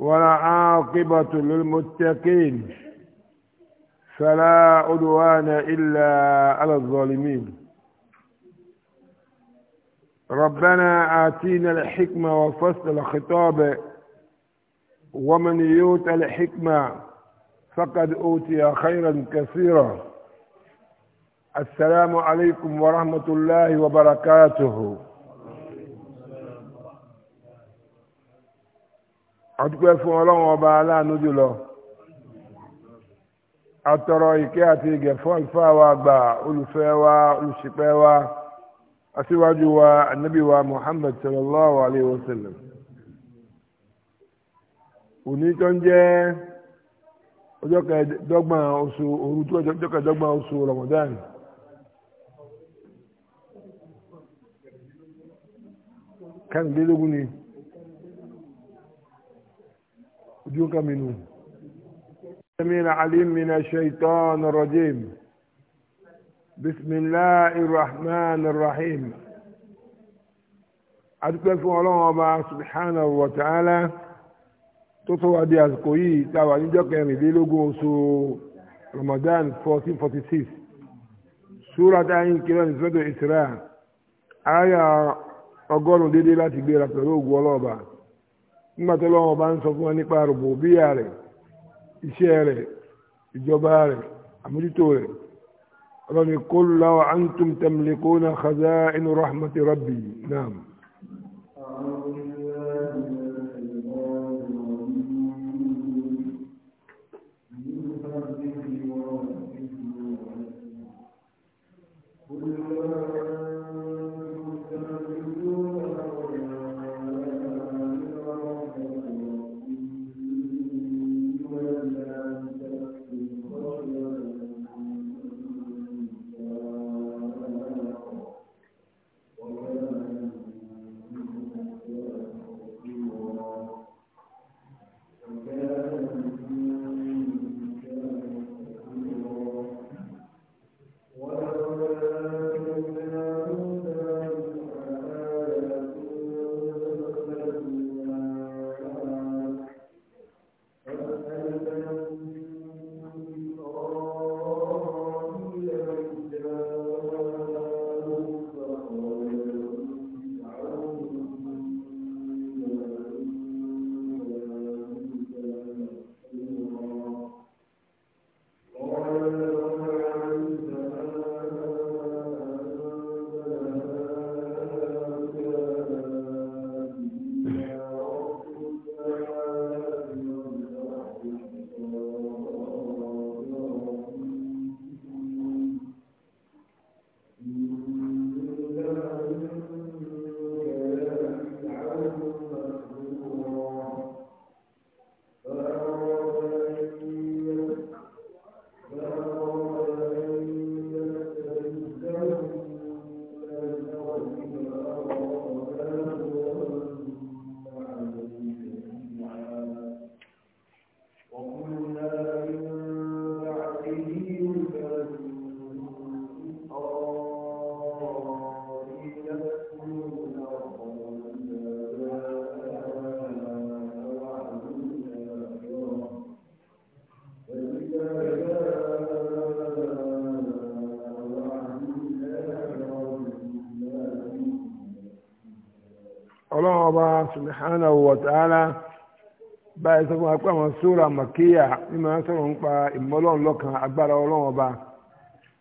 والعاقبة للمتقين فلا عدوان إلا على الظالمين ربنا آتينا الحكمة وفصل الخطاب ومن يؤت الحكمة فقد أوتي خيرا كثيرا السلام عليكم ورحمة الله وبركاته àdúpẹ́ fún ọlọ́run ọba aláàánú jùlọ àtọrọ ìkẹ́ àti ìgẹ̀ fún àlùfáà wa àgbà olùfẹ́ wa olùṣìpẹ̀ wa aṣíwájú wa ànábì wa Muhammad sallallahu alayhi wa sallam òní tó ń jẹ́ ọjọ́ kẹẹ̀dọ́gbọ̀n oṣù òru tó ọjọ́ kẹẹ̀dọ́gbọ̀n oṣù Ramadan kánìdínlógún ni ojú kan mi nù. من عليم من الشيطان الرجيم بسم الله الرحمن الرحيم adúpẹ́ fún ọlọ́run ọba subhanahu wa ta'ala tó tó wá di àsìkò yìí tá a wà níjọ́ kẹrìnlélógún oṣù ramadan fourteen forty six súra tá a yín kí lónìí sọ́dọ̀ ìsirà ayà ọgọ́rùn-ún nígbà tó lọ́wọ́ bá ń sọ fún wa nípa rògbòbíyà rẹ̀ iṣẹ́ rẹ̀ ìjọba rẹ̀ àmójútó rẹ̀ ọlọ́ni kó lọ́wọ́ antum tamlikuna khaza'in rahmati rabbi naam. Mm-hmm. subhanahu wa ta'ala báyìí sọ fún wa pé àwọn sóra màkíyà ní máa sọ̀rọ̀ nípa ìmọ̀lọ́run lọ́kan agbára ọlọ́run ọba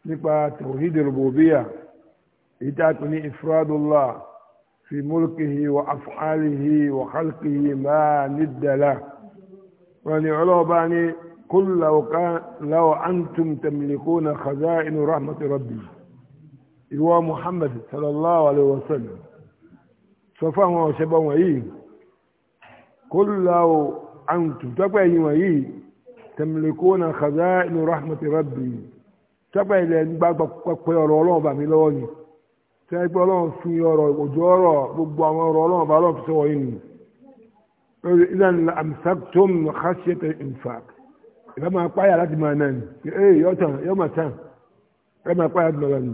nípa tawhid rububiyya èyí tá a pè ní ifradullah fi mulkihi wa af'alihi wa khalqihi máa nídàlá wọn ni ọlọ́ọ̀bá ní kul law kan law antum tamlikuna khaza'in rahmati rabbi ìwọ muhammad sallallahu alayhi wa sallam sọ fún àwọn ọ̀sẹ̀ bọ̀ wọ̀nyí kó lula o àǹtùm tọ́pẹ́ yìí wọ̀nyí tamlikuna khaza'inu rahmati rabbi tọ́pẹ́ ilẹ̀ ń gbàgbọ́ pẹ́ ọ̀rọ̀ ọlọ́run bàmí lọ́wọ́ ni tẹ́gbẹ́ ọlọ́run fi ọ̀rọ̀ òjò ọ̀rọ̀ gbogbo àwọn ọ̀rọ̀ ọlọ́run bá ọlọ́run fi sọ̀rọ̀ yìí lórí ilan amsaktum khashyata infaq ìbá máa páyà láti máa náà ni máa tán láti máa náà ni.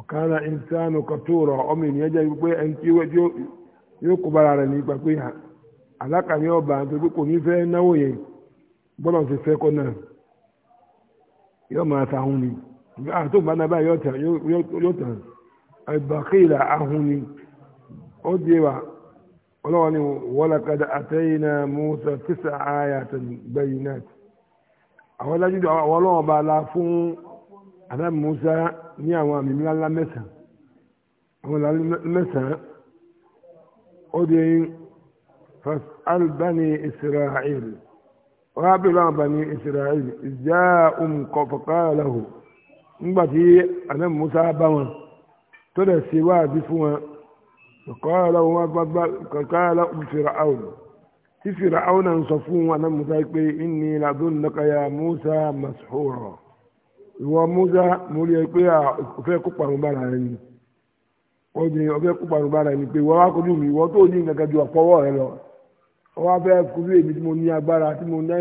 ọ̀kánà ìsánù kọtúrọ̀ ọmọ ya jẹ́ pé ẹni tí yóò ha alaka rẹ̀ ọba àti pé kò ní fẹ́ náwó yẹn bọ́lá ahụ ni àti òun bá náà báyìí yóò tàn ni ó wa ọlọ́wọ́ ni wọ́lákadà àtẹ́yìnà Musa tísà àyà àtẹ̀gbẹ́yìn náà àwọn alájú la fun adam Musa. ní àwọn àmì ńláńlá mẹ́sàn-án àwọn mẹ́sàn-án ó di fas'al bani isra'il wọ́n á bèèrè àwọn bani isra'il ìjà òmùkọ́ faqala lahu nígbà tí àná musa bá wọn tó dẹ̀ ṣe wáàbí fún wọn faqala lahu wọn gbàgbà faqala lahu fir'aun tí fir'aun náà ń sọ fún àná musa pé inni ladhunnaka ya musa mashura ìwọ Musa mo rí ẹ pé ọfẹ kó parun bára rẹ ni wọn ní ọfẹ kó parun bára rẹ ni pé wọn wá kojú mi ìwọ tó ní nǹkan kan ju ọpọwọ rẹ lọ wọn wá fẹ́ kojú èmi tí mo ní agbára tí mo ní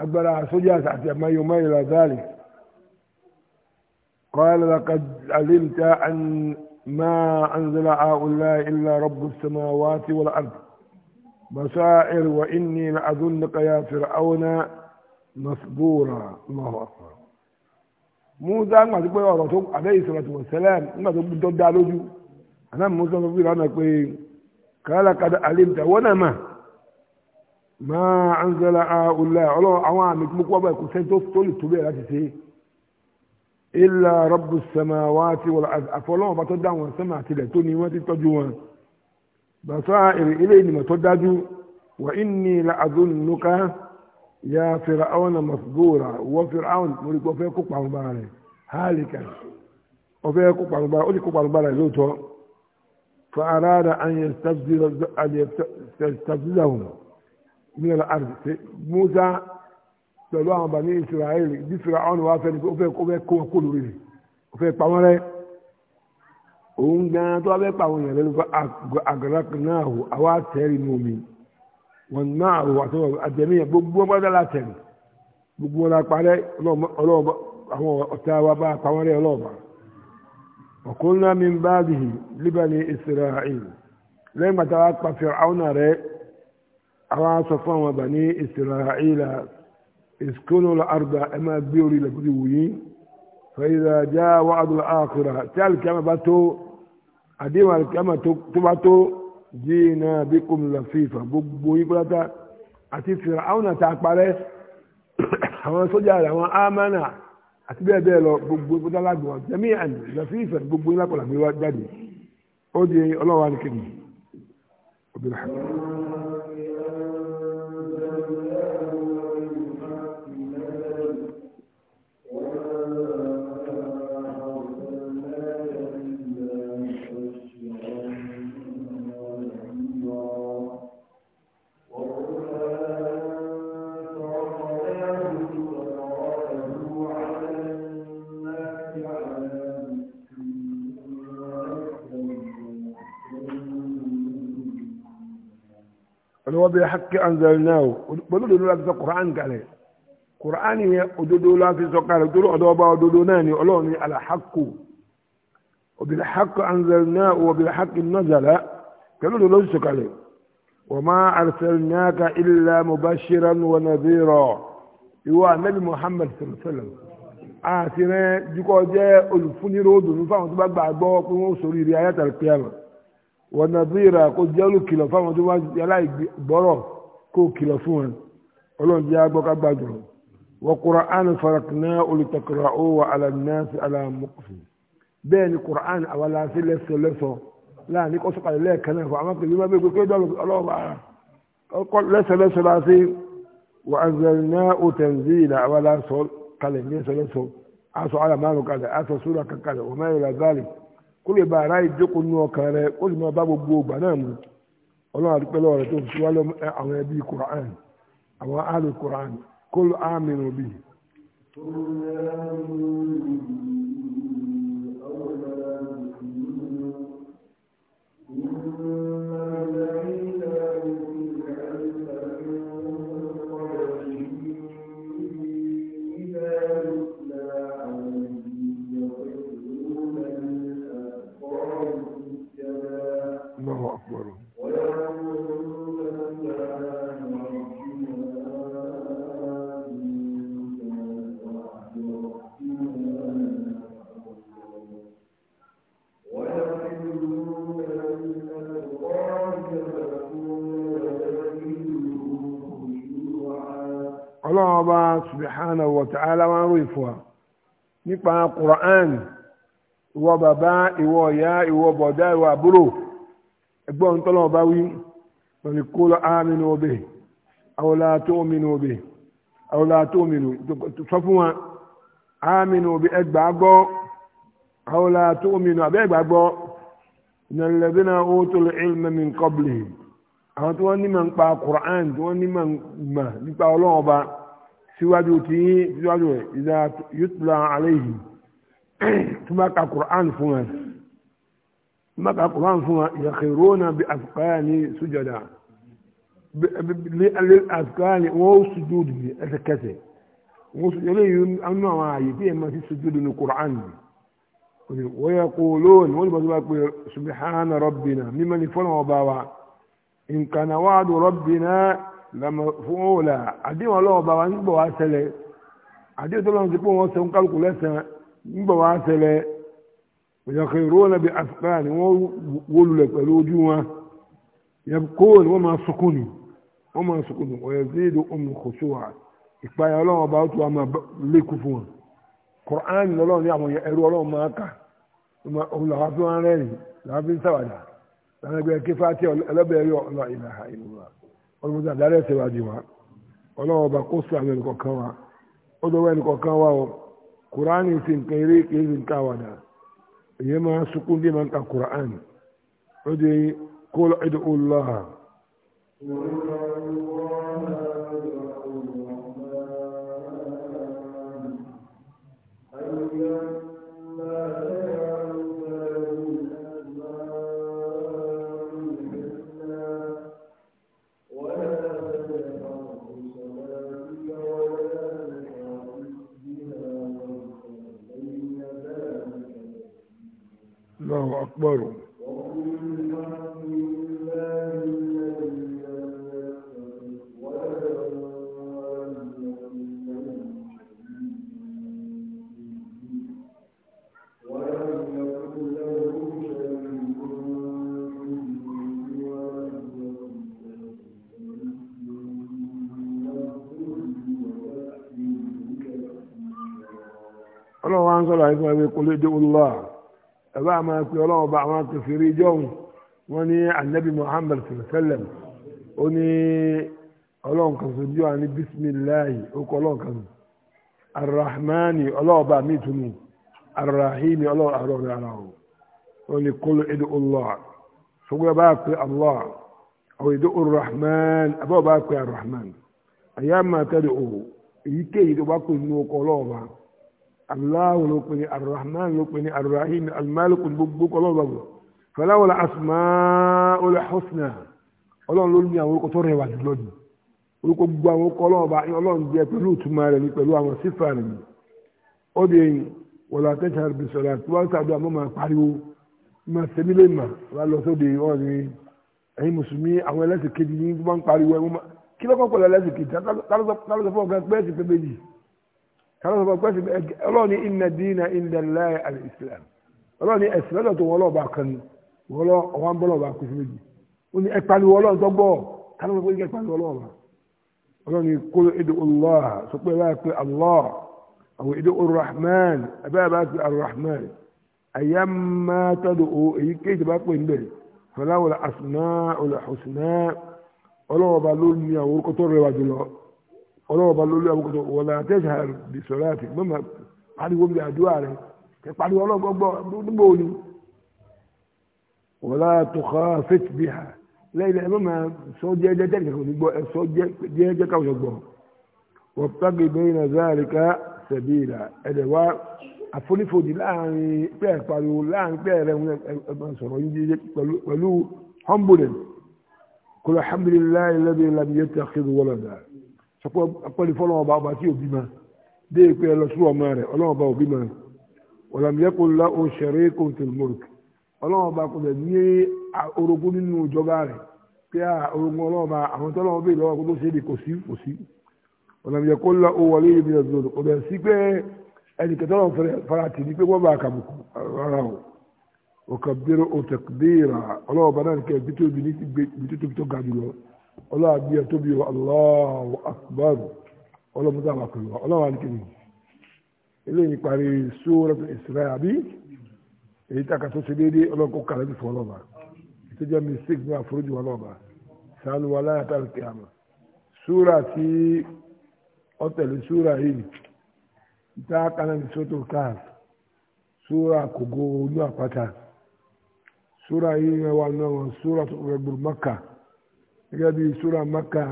agbára sójà àti àmàyọ mọ ìlà dáàlì قال لقد علمت أن ما أنزل هؤلاء إلا رب السماوات والأرض بصائر وإني لأظنك يا فرعون مصبورا الله أكبر musa ńgbà tó pé ọ̀rọ̀ tó abẹ́ ìsọ̀rọ̀tò sẹ́lẹ̀ ńgbà tó tó dá lójú àná musa sọ fún ìlànà pé kàlá kadà àlèmtà wọ́n náà mà máa ń sẹ́lẹ̀ àwòlẹ̀ ọlọ́run àwọn àmì tó kọ́ bẹ́ẹ̀ kò sẹ́ni tó tó lè tó bẹ́ẹ̀ láti ṣe ilà rọ́bù sẹ́mà wá ti wọ̀lá àfọlọ́wọ́n bá tó dá wọn sẹ́mà àtìlẹ̀ tó ni wọ́n ti tọ́jú wọn bàtà ilé ìnìmọ̀ tó dájú wà يا فرعون مصبورا وفرعون مريك وفي كوكب على الباري هالكا وفي كوكب على الباري أولي كوكب على الباري لوتو فأراد أن يستفزل أن يستفزلهم من الأرض موسى pẹ̀lú àwọn bàní israẹli bí firaun wà fẹ́ ni ó fẹ́ kó fẹ́ kó kó lórí rẹ̀ ó fẹ́ pa wọ́n rẹ́ òun gan-an tó wà fẹ́ pa wọ́n yẹn lẹ́nu fún àgàràkì náà àwa tẹ́rì ní omi wọn náà àrùn àti àjẹmí yẹn gbogbo wọn bọ́dá la tẹ̀lé gbogbo wọn la parẹ́ ọlọ́ọ̀bá àwọn ọ̀tá wa bá pàwọn rẹ̀ ọlọ́ọ̀bá ọ̀kúnlá mi bá dìhì líbàní Israel lẹ́yìn gbàtà wa pa Fir'auna rẹ̀ àwọn aṣọ fún àwọn bani Israel iskunu al-arda ẹ máa gbé orí ilẹ̀ kúti wòye fẹ́yìlá já wàhálà àkùrà tí àlùkìyàmà bá tó àdéhùn àlùkìyàmà tó bá tó jíìnà bíkùn lọ́fíìfà gbogbo yín pátá àti fìrà àwọn àti àparẹ́ àwọn sójà rẹ̀ àwọn amánà àti bẹ́ẹ̀ bẹ́ẹ̀ lọ gbogbo yín pátá lágbèwà jẹ́mí àná gbogbo yín lápò làgbé jáde ó di ọlọ́wà nìkejì obìnrin. وبحق أنزلناه بلو لا في القرآن قال قرآن يا أدودو لا في سقال أدودو أدوبا أدودو ناني ألوني على حق وبالحق أنزلناه وبالحق نزل قالوا له لو سقال وما أرسلناك إلا مبشرا ونذيرا يوا النبي محمد صلى الله عليه وسلم àti rẹ jukọ jẹ olùfúnirò dùnú fáwọn tó bá gbàgbọ́ pé wọn ò sórí rí ayé àtàlùkíyàmà wọnàbíra kó jẹ́ olùkìlọ̀ fáwọn tó wá aláìgbọ́rọ̀ kó kìlọ̀ fún wọn ọlọ́run jẹ́ agbọ́ká gbàdúrà wọ́n Qur'an farakná olùtọ̀kọ̀rọ̀ ó wà alànàṣì alàmọ́kùsù bẹ́ẹ̀ ni Qur'an àwọn aláṣẹ lẹ́sọ lẹ́sọ láàrin kọ́sọ́kàlẹ̀ lẹ́ẹ̀kan náà fún àwọn akẹ́kẹ́ yóò gbé pé ọlọ́run lẹ́sọ lẹ́sọ láti wà àzẹ̀nà òtẹ̀nzí ìlà àwọn aláṣọ kalẹ̀ lẹ́sọ lẹ́sọ aṣọ alàmọ́kàlẹ̀ aṣọ súrà kankalẹ̀ wọ́n mẹ́rin kó lè ba ara ìjókòó nú ọkàn rẹ ó sì máa bá gbogbo ògbà náà mu ọlọ́run àdúgbò lọ́wọ́ rẹ tó fi wá lọ àwọn ẹbí Quran àwọn àlù Quran kó àmì rò subhanahu wa ta'ala wá ń rò ìfọ̀ à nípa Qur'an ìwọ bàbá ìwọ ìyá ìwọ bọ̀dá ìwọ àbúrò ẹgbọ́n tọ́lọ́ bá wí lórí kó lọ ámínú ọbẹ̀ àwọn làtó mínú ọbẹ̀ àwọn làtó mínú sọ fún wa ámínú ọbẹ̀ ẹgbàá gbọ́ àwọn làtó mínú àbẹ́ ẹgbàá gbọ́ ìnàlẹ́bí náà ó tó ilma min qablihi àwọn tí wọ́n ní pa Qur'an tí wọ́n ní ma ń gbà nípa ọlọ́wọ́ síwájú tí síwájú rẹ̀ ìdá yutla alayhi tó bá ka Qur'an fún wọn tó bá ka Qur'an fún wọn yakhiruna bí afghani sujada lé afghani wọ́n ó sujúdù ní ẹsẹ̀kẹsẹ̀ wọ́n ó sujúdù yìí anú àwọn àyè tí èèmọ̀ sí sujúdù ní Qur'an wọ́n yẹ kó lónìí wọ́n ní bàtú bá pé subhana rabbina mímọ́ ní fọ́nà ọba wa in kana fún òòlà àdéhùn ọlọ́wọ́ bá wa ń bọ̀ wá ṣẹlẹ̀ àdéhùn tó lọ́wọ́ ti pọ̀ wọ́n sọ ń kálukú lẹ́sàn-án ń bọ̀ wá ṣẹlẹ̀ ìyàkọ̀ ìró náà bí àfikà ni wọ́n wó lulẹ̀ pẹ̀lú ojú wọn yẹkó ni wọ́n máa sunkún ni wọ́n máa sunkún ni ọ̀yẹ̀ sí èdè omi kò ìpayà ọlọ́wọ́ bá tó wà máa lékún fún wọn kọ̀ọ̀án lọ́lọ́run ní àwọn ẹrú ọlọ́run máa kà ọlọ́mọdé àdáyé ẹsẹ̀ wa jì wá ọlọ́wọ́ ọba kó sí àwọn ẹnìkọ̀ọ̀kan wa ó dọ̀wọ́ ẹnìkọ̀ọ̀kan wa o kùránì sì nǹkan eré kìí sì nǹkan àwàdà èyí máa sunkún bí máa ń ka kùránì ó di kó lọ́ọ́ ẹ̀dọ́ ọlọ́ha. أكبر ọlọ́run wa ń sọ̀rọ̀ àìsàn ẹgbẹ́ kò lè dé ọlọ́run ẹ̀bá àmà pé ọlọ́wọ́ bá àwọn kẹfìrí jọ́hún wọ́n ní anabi muhammad sallam ó ní ọlọ́run kan sojú wa ní bisimilahi ó kọ́ ọlọ́run kan arahmani ọlọ́wọ́ bá mi tunu arahimi ọlọ́wọ́ àrọ́ rẹ̀ ara o ó ní kólú ẹ̀dọ́ ọlọ́wọ́ sọgbọ́n bá pé allah àwọn ẹ̀dọ́ arahman àbọ̀ bá pé arahman àyà máa tẹ́lẹ̀ o èyíkéyìí tó bá pè ní ọkọ̀ ọlọ́wọ́ aláwo ló pe ní arahman ló pe ní arahim alimalik gbogbo kọ́ lọ́wọ́ gbogbo fẹlẹ́wọ̀ la asuma olè hosna ọlọ́run ló ní àwọn orúkọ tó rẹwà jùlọ jù orúkọ gbogbo àwọn orúkọ ọlọ́ọ̀ba ọlọ́run jẹ pẹ̀lú ìtumọ̀ rẹ̀ ní pẹ̀lú àwọn sífà rẹ̀ ní ó di eyín wọ̀lá atẹ́sà rẹ̀ sọ̀rọ̀ àti wọ́n sàdúrà mọ́ máa pariwo máa sẹ́mi lè mà wọ́n lọ sóde ọ̀rìn ẹ̀yin mùsùlùmí àwọn ẹlẹ́sìn kejì yín tó máa ń pariwo ẹ̀ kí lọ́kọ̀ pẹ̀lú ẹlẹ́sìn kejì tá kálọ̀ sọ pé ọlọ́ọ̀ni inna dina inda Allahi al-Islam ọlọ́ọ̀ni ẹ̀sìn lọ́dọ̀ tó wọ́n lọ́ọ̀bà kan ni wọ́n lọ́ ọ̀wọ́n bọ́ lọ́ọ̀bà kùsùn méjì ó ní ẹ̀pàlùwọ́ ọlọ́ọ̀n tó gbọ́ kálọ̀ sọ pé ẹ̀pàlùwọ́ Allah sọ pé ẹ̀bá Allah àwọn ud'u ar-Rahman ẹ̀bá bá pé ar tad'u èyíkéyìí tó bá pè ń bẹ̀rẹ̀ falahu al-asma'ul husna ọlọ́ọ̀bà ló ní àwọn ọlọ́wọ́ bá lórí àbúkọ̀tọ̀ wọ̀lá àtẹ́sà bí sọ̀rọ̀ àti mọ́mà pariwo bí àdúrà rẹ̀ kẹ pariwo ọlọ́gbọ́gbọ́ níbo ni wọ̀lá tọkọ fẹ́tì bí ha lẹ́yìn ẹ̀ mọ́mà sọ jẹ́jẹ́ tẹ́lẹ̀ kò ní gbọ́ ẹ sọ jẹ́jẹ́ káwọn gbọ́ wọ́n pàgì bẹ́yìn náà záàrí ká sẹ̀bí ìlà ẹ̀dẹ̀ wá àfonífojì láàrin pẹ́ẹ̀ pariwo láàrin pẹ́ẹ̀ rẹ̀ ń sọpọ pẹ̀lú fọlọ́wọ́ bá ọba tí òbí ma dé ìpè ẹ lọ sí ọmọ rẹ ọlọ́wọ́ bá òbí ma ọ̀làmìyẹ́kọ̀ ńlá o ṣẹ̀rẹ́ kò tẹ̀lé mọ́rùk ọlọ́wọ́ bá kọlẹ̀ ní orogún nínú ìjọba rẹ pé orogún ọlọ́wọ́ bá àwọn tó lọ́wọ́ bẹ́ẹ̀ lọ́wọ́ kó tó ṣe é di kò sí kò sí ọ̀làmìyẹ́kọ̀ ńlá o wọlé ibi ọ̀dọ̀ kò bẹ̀ sí pé ẹnì kẹtọ́lọ́ fara tì ní pé wọ́n bá kàbùkù rárá o ọ̀kàbírò ọ̀tẹ̀kbéèrà ọlọ́wọ́ bá náà kẹ́ bí tó bí tó ga jùlọ ọlọ́wà bí ẹ tóbi wa Allahu akbar ọlọ́mọdé àwọn ọlọ́wà ní eléyìí parí sóòrò ìsirá àbí èyí tàkà tó ṣe déédéé ọlọ́kọ̀ kàlẹ́ ti fọ́ ọlọ́ba ìtọ́jú mi sèkì ní àforíjì wọn ọlọ́ba sànù wa tá a kì àmà sóòrà tí ọ tẹ̀lé sóòrà yìí ìta ní sọ́tò káà àpáta gẹ́gẹ́ bí sura maka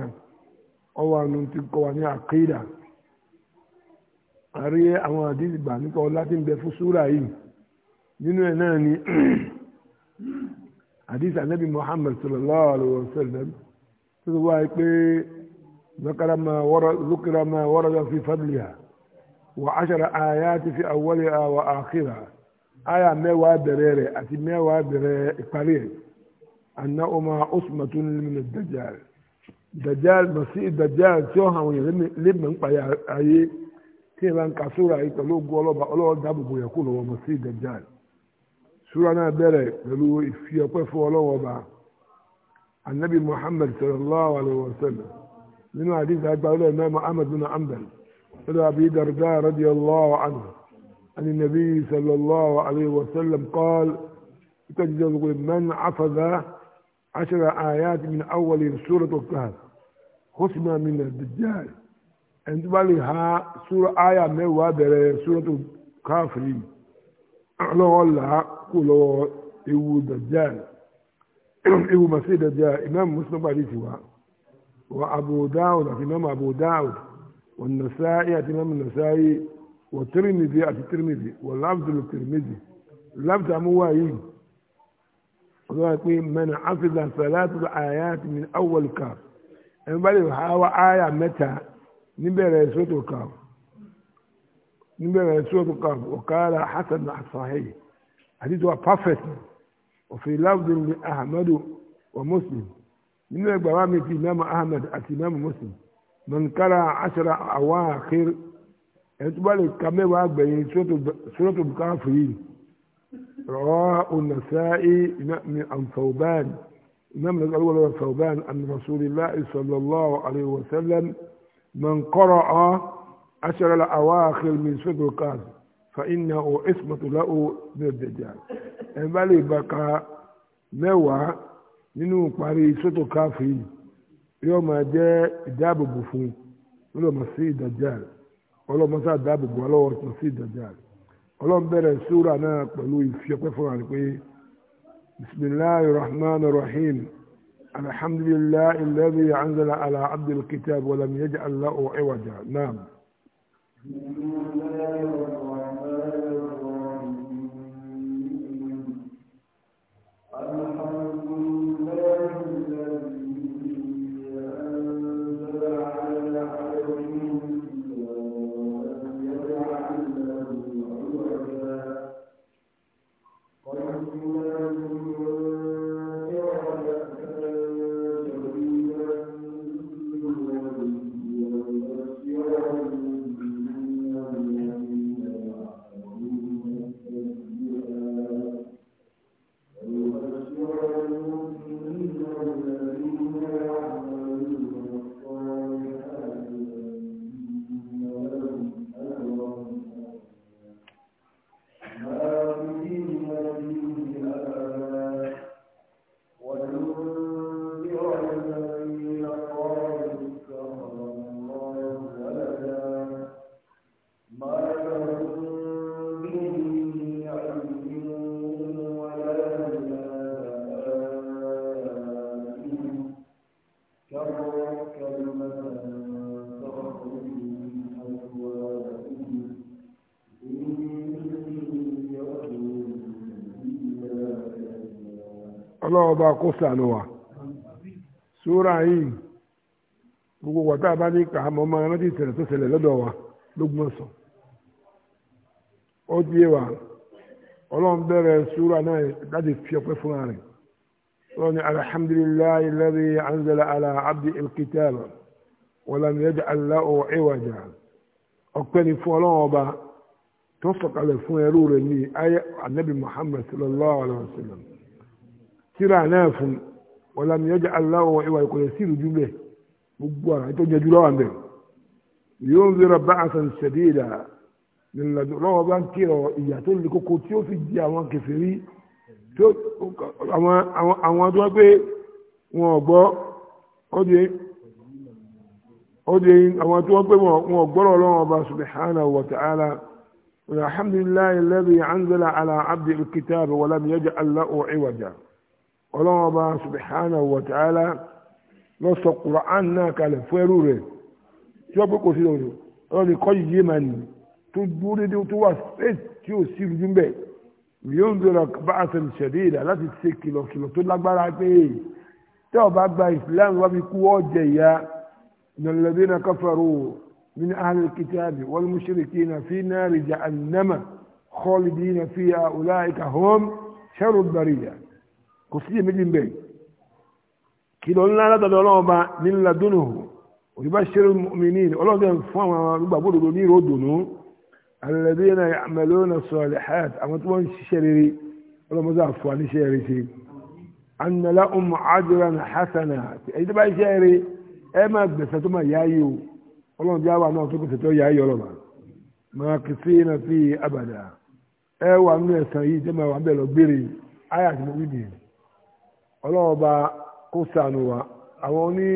ọwọ́ àánú ti kọ́ wa ní àkídà àrí àwọn àdìsígbà nípa ọlá tí ń bẹ fún sura yìí nínú ẹ̀ náà ni àdìsí ànábì muhammad sallallahu alayhi wa tó ti wá pé ذكر ما ورد في فضلها وعشر آيات في أولها وآخرها آية mẹ́wàá bẹ̀rẹ̀ rẹ̀ àti mẹ́wàá bẹ̀rẹ̀ ìparí أنهما عصمة من الدجال دجال مسيح دجال سوها لب من قيا أي كيفان كسورة يتلو قولا بقولا دابو هو ومسيح دجال سورة نابرة يقولوا في يقف ولو وبا النبي محمد صلى الله عليه وسلم من عديد هذا قول الإمام أحمد بن أنبل إلى أبي درداء رضي الله عنه أن النبي صلى الله عليه وسلم قال تجد من عفذا عشر آيات من أول سورة الكهف خصمة من الدجال أنت بالها سورة آية من وابر سورة الكافرين أعلو الله كله إيو الدجال، إيو مسيح الدجال، إمام مسلم عليه وأبو داود إمام أبو داود والنسائي إمام النسائي والترمذي الترمذي واللفظ للترمذي لفظ مواهيم وذلك من حفظ ثلاث آيات من أول كاف أن بل هو آية متى نبرة سورة كاف نبرة سورة كاف وقال حسن صحيح حديث هو perfect وفي لفظ لأحمد ومسلم من البرامج إمام أحمد الإمام مسلم من قرأ عشر أواخر أتبالي كمي واقبي سورة الكافرين رواه النسائي عن ثوبان إمام الأول ثوبان عن رسول الله صلى الله عليه وسلم من قرأ عشر الأواخر من سورة القاف فإنه عصمة له من الدجال ẹ̀bálẹ̀ ìbàkà mẹ́wàá nínú parí sọ́tò káfí yóò máa jẹ́ ìdáàbòbò fún ọlọ́mọ sí ìdájà ọlọ́mọ sí ìdáàbòbò ọlọ́wọ́ sí ìdájà rẹ̀ ọlọ́run bẹ̀rẹ̀ sóra náà pẹ̀lú ìfiọ́pẹ́ fún àrùn pé bisimilahi rahman rahim alhamdulilayi alladhi anzala ala abdul kitab wa lam yaj'al lahu iwaja ọba kó sànù wa sóra yìí gbogbo wàtá bá ní kà á mọ ọmọ aráàlú ìṣẹ̀lẹ̀ wa lógún ọ̀sán ó di wa ọlọ́run bẹ̀rẹ̀ sóra náà láti fi ọpẹ́ fúnra anzala ala abdi alkitaba walam yaj'al lahu iwaja ọpẹ́ fún ọlọ́run ọba tó sọ̀kalẹ̀ fún ẹrú rẹ̀ ní ayé anabi muhammad sallallahu alayhi wa sallam. tíra náà fún ọ̀la mi ọjà aláwọ̀ ìwà ìkọ̀lẹ̀ sí ìlú júbẹ̀ gbogbo àwọn tó jẹjú lọ́wọ́ àmì yóò ń lera bá àṣà ìṣẹ̀dí ìlà nílẹ̀ lọ́wọ́ bá ń kírọ̀ ìyà tó le koko tí ó fi di àwọn kèfèrí tí àwọn tó pé wọn ò gbọ́ ọdún àwọn tó pé wọn ò gbọ́rọ̀ lọ́wọ́ ọba subhanahu wa ta'ala. الحمد لله الذي أنزل على عبد الكتاب ولم يجعل له عوجا ọlọ́wọ́n bá subhanahu wa ta'ala lọ sọ quran náà kalẹ̀ fún ẹrú rẹ̀ tí wọ́n pé kò sí lọ́dọ̀ ọlọ́ni kọ́ yìí yé màá nì tó dúró déédéé tó wà straight tí ò sí rújú mbẹ́ yóò ń dọ̀rọ̀ bá àṣẹ ìṣẹ̀dé ìdá láti ṣe kìlọ̀kìlọ̀ tó lágbára pé tẹ́ ọba gba ìsìlámù wá fi kú ọ̀jẹ̀ ìyá nàlẹ́bí náà káfàró من أهل الكتاب والمشركين في نار جهنم خالدين فيها أولئك هم شر البرية kò sí èméjì ń bẹ̀ kìlọ̀ ńlá látọ̀dọ̀ ọlọ́run ọba nílá dúnù òyìnbá ṣeré mi ní ọlọ́run dẹ̀ fún àwọn olùgbàgbọ́ òdodo ní ìró dùnú alladhina ya'maluna salihat àwọn tí wọ́n ń ṣiṣẹ́ rere ọlọ́mọdé àfọwà níṣẹ́ rere ṣe anna lahum ajran hasana èyí tó bá ṣiṣẹ́ rere ẹ máa gbẹ̀sẹ̀ tó máa yáyé o ọlọ́run dẹ̀ wà náà tó gbẹ̀sẹ̀ ọlọ́ọ̀ba kó sànù wa àwọn oní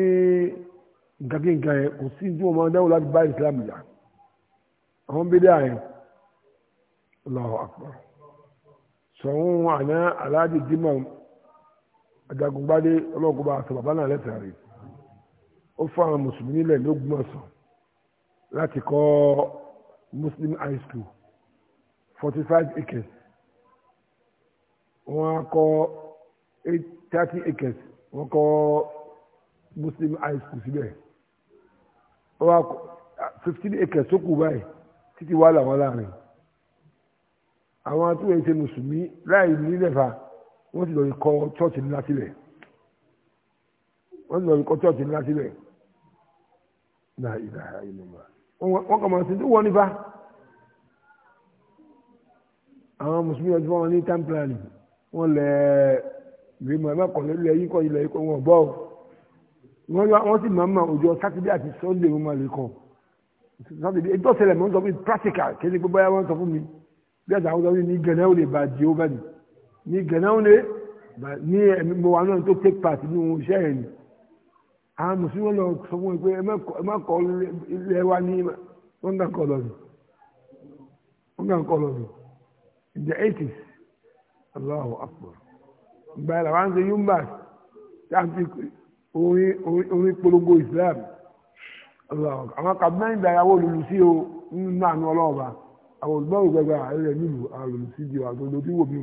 nǹkankínkan yẹn kò sí tí wọ́n máa láti bá islam jà àwọn bídé àyẹn Allahu akbar sọ̀hún àná aláàdì dìímà ajagunbádé ọlọ́ọ̀kọ́ bá bàbá náà lẹ́sẹ̀ rẹ̀ ó fún àwọn mùsùlùmí láti kọ́ muslim high school forty five acres wọ́n thirty acres wọ́n kọ́ muslim high school síbẹ̀ wọ́n wá ah, fifteen acres tó kù báyìí títí wà láwọn láàrin àwọn atúwẹ̀ ṣe mùsùlùmí láì nílẹ̀fà wọ́n sì lọ kọ́ church ńlá sílẹ̀ wọ́n sì lọ kọ́ church ńlá sílẹ̀ náà ìlàhà ìlúmọ̀ wọ́n kàn máa ṣe tó wọ́n nípa àwọn mùsùlùmí ọdún wọn ní time planning wọ́n lẹ́ẹ̀ẹ́ gbèmọ̀ ẹ̀ má kọ̀ lórí ẹ̀yìn kọ́ ilẹ̀ ikọ̀ wọn bọ́ wọ́n sì máa ń ma òjò sátidé àti sunday wọn máa lè kàn sátidé ẹjọ́ sẹlẹ̀ mọ́ ń sọ fún mi practical kéde pé báyà wọ́n sọ fún mi bí àtàwọn sọ fún mi ní gẹ̀nẹ́ òde bá di ó bá di ní gẹ̀nẹ́ òde ní ẹ̀mí mo wà náà tó take part nínú iṣẹ́ yẹn ni àwọn mùsùlùmí lọ sọ fún mi pé ẹ má kọ ilé wa ní wọ́n kà kọ́ lọ sí in the eighties Allahu Akbar ìgbà yẹn làwọn ṣe yúmbà tí a fi orin polongo Islam àwọn kàbínẹ́ẹ̀tì ìdárayá wo lulu sí o nínú àánú ọlọ́ọ̀ba àwọn olùgbọ́n ògbẹ́gbẹ́ àárẹ̀ rẹ̀ nílùú àwọn olùsí di àwọn olùsí wò mí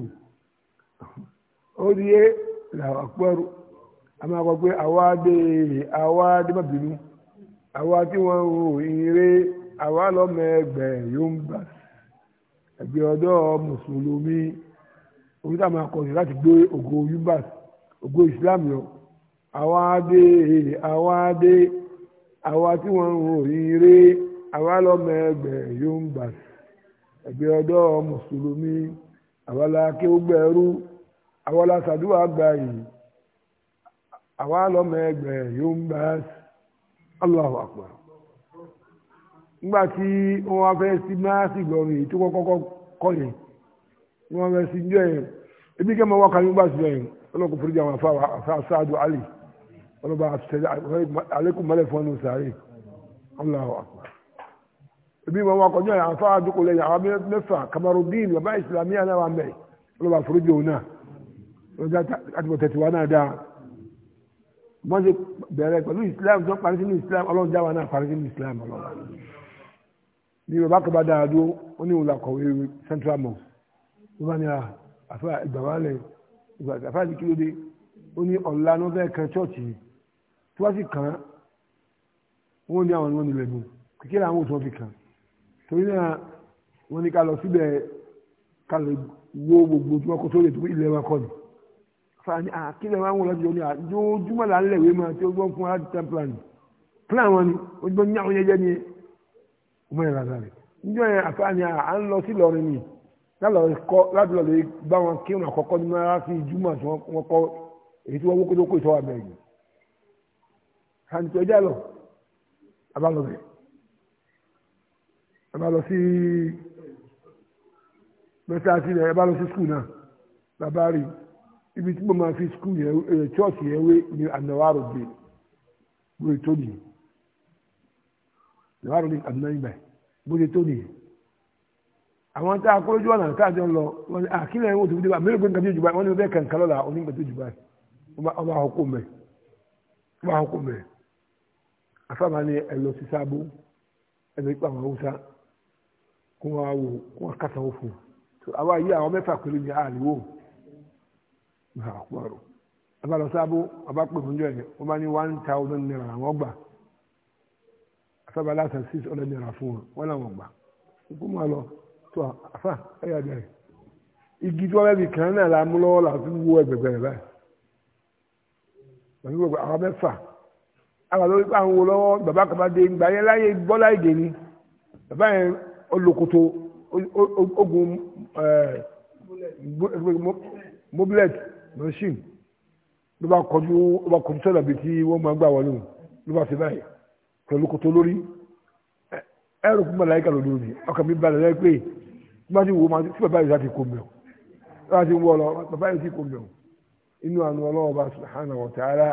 o ó di yé làwọn àpẹẹrù a máa kọ pé àwa dé àwa dé má bínú àwa tí wọ́n ń ròyìn eré àwa lọ́mọ ẹgbẹ́ yóò ń bà ẹgbẹ́ ọ̀dọ́ mùsùlùmí omi tá a máa kọ̀ọ̀sì láti gbé ògo yubas ògo islam yọ àwa dé àwa dé àwa tí wọ́n ń ròyìn ré àwa lọ́mọ ẹgbẹ́ yombas ẹgbẹ́ ọ̀dọ́ mùsùlùmí àwa la ké gbẹrú àwa la sàdúrà gbà yìí àwa lọ́mọ ẹgbẹ́ yombas Allahu akbar nígbà tí wọ́n wá fẹ́ sí máa sì lọ́rùn èyí tó kọ́kọ́ yẹn wọn bẹ sí jọ yẹn ebi kẹ́ mọ wá kan yín bá sí jọ yẹn ọlọ́kùn fúri jà wọn afa wa afa saadu ali ọlọ́ba alekun mẹlẹ fọnù sáré Allahu akbar ebi mọ wá kan jọ yẹn afa adukun lẹ́yìn àwọn mẹ́fà kamarudin baba islami yẹn náà wà mẹ ọlọ́ba fúri jọ náà ọjà àtibọ̀ tẹ̀tì wa náà dáa wọ́n ti bẹ̀rẹ̀ pẹ̀lú islam tó parí sínú islam ọlọ́run jáwa náà parí sínú islam ọlọ́run ní yorùbá kọba dáadó ó ní òun la kọ̀wé central mosque ló bá ní à ah, àfa ìgbàwálẹ̀ àfa ìdí kílódé ó ní ọ̀la ní wọ́n fẹ́ kan chọ́ọ̀chì tí wọ́n sì kàn án wọ́n ní àwọn ni wọ́n nílẹ̀ nù kékeré àwọn òtún fi kàn torí náà wọ́n ní ká lọ síbẹ̀ ká lè wo gbogbo tí wọ́n kó sórí ètò ilẹ̀ wa kọ́ ni fani àkílẹ̀ wa ń wọ lọ́jọ́ ìjọ ní ah, àjọjúmọ́ ah, là ń lẹ̀wé máa tí ó gbọ́n fún aláàdì templar ni plan wọn ni ó ní àwọn yẹn ni ọmọ yẹn lásán rẹ̀ níjọ́ láti lọ lè bá wọn kí wọn àkọ́kọ́ ní mara sí júmọ̀ tí wọ́n kọ́ èyí tí wọ́n wó kótó kó ìtọ́ àbẹ̀ yìí àǹtí ọjà lọ abálọ bẹ̀ abálọ sí mẹ́ta sí rẹ̀ abálọ sí skul náà bàbá rí ibi tí mo máa fi skul yẹn chọ́ọ̀sì yẹn wé ní ànáwárò gbé bó ṣe tó nìyẹn ànáwárò ní ànáyìnbá bó ṣe tó nìyẹn àwọn tá a kó lójú ọ̀nà káàjọ lọ wọn àkílẹ̀ ẹ̀wọ̀n tó fi dé wa mélòó gbé nǹkan bí ojúbà wọn ni bẹ́ẹ̀ kàǹkà lọ́la onígbà tó jùbà ọba àkókò mẹ́ ọba àkókò mẹ́ afáàmà ni ẹ lọ sí sábó ẹ lọ sí pàmò haúsá kó wọn wò kó wọn kàtà wò fún un àwa yìí àwọn mẹ́fà pẹ̀lú ní àríwó ọba àkókò rò ọba lọ sábó ọba pè fún jọ́ọ̀yẹ wọn bá ní one thousand naira àwọn gbà afáàmà láti six hundred naira fún wọn wọn làwọn gbà tó àfà ẹ̀yà bẹ̀rẹ̀ igi tí wọ́n bẹ́ẹ̀ náà la mú lọ́wọ́ la fi wó ẹgbẹ̀gbẹ̀ rẹ̀ báyìí pẹ̀lú gbogbo àwọn mẹ́fà àwọn lórí pé àwọn wo lọ́wọ́ bàbá kan bá dé ìgbà yẹn láyé bọ́lá ìdè ni bàbá yẹn olókoto ogun mobilet machine ló bá kọjú sọ́dọ̀ bíi tí wọ́n máa gbà wọlé ló bá fi báyìí pẹ̀lú koto lórí ẹrù fún màláìka lòdù ni ọkàn mi balẹ̀ lẹ́yìn pé tí bá ti wò máa tí bàbá yìí láti kó mẹ́wò tí bá ti wọ́ lọ bàbá yìí ti kó mẹ́wò inú àánú ọlọ́wọ́ bá subhanahu wa ta'ala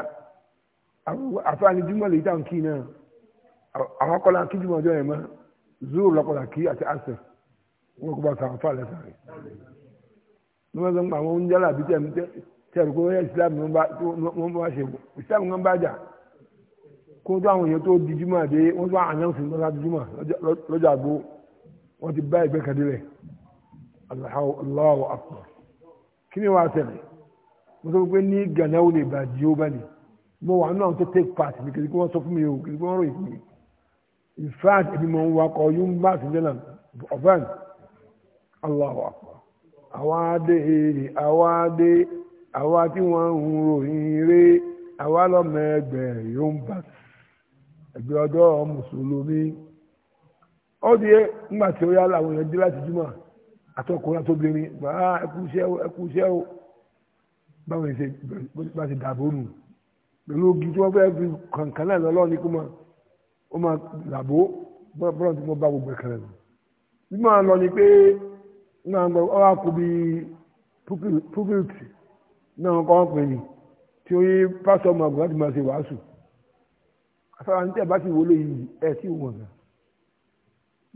àfáàní júmọ̀ lè tàn kí náà àwọn akọ́lá kí júmọ̀ ọjọ́ yẹn mọ́ zuru lọ́kọ́lá kí àti asẹ̀ wọn kò bá sàn àfáà lẹ́sàn ní wọ́n sọ pé àwọn oúnjẹ làbí tẹ̀ tẹ̀ rẹ̀ kó tó àwọn èèyàn tó di júmọ̀ àdé wọ́n tó àyànfì lọ́la di júmọ̀ lọ́jà àgbo wọ́n ti bá ìgbẹ́ kadì rẹ̀ Allahu akbar kí ni wàá tẹ̀lé mo sọ pé ní gànáwó lè bá jí ó bá ní mo wà nínú àwọn tó take part ní kìlì kí wọ́n sọ fún mi o kìlì kí wọ́n ròyìn fún in fact èmi mọ̀ ń wakọ̀ yóò ń bá àtúndé náà ọ̀fẹ́n Allahu akbar àwa dé àwa dé tí wọ́n ń ròyìn ré àwa lọ́mọ ẹgbẹ́ yóò ń ẹgbẹ́ ọ̀dọ́ mùsùlùmí ó di ńgbà tí ó yá làwọn èèyàn dé láti júmọ̀ àtọkùnrin àtobìnrin bàá ẹkú iṣẹ́ o báwọn èsè bá ti dàbò nù pẹ̀lú ogi tí wọ́n fẹ́ fi kàǹkàn náà lọ́lọ́ ní kó máa ó máa dàbò bọ́lá tí wọ́n bá gbogbo ẹ̀kan rẹ̀ bí máa lọ ni pé náà ń gbọ́ ọ́ wá kó bí púpìlì náà kọ́ pè ní tí ó yí pásọ̀ máa gùn láti máa ṣe wàásù afárá ní tẹ́ẹ̀ bá ti wọlé yìí ẹ̀ tí wọ́n sàn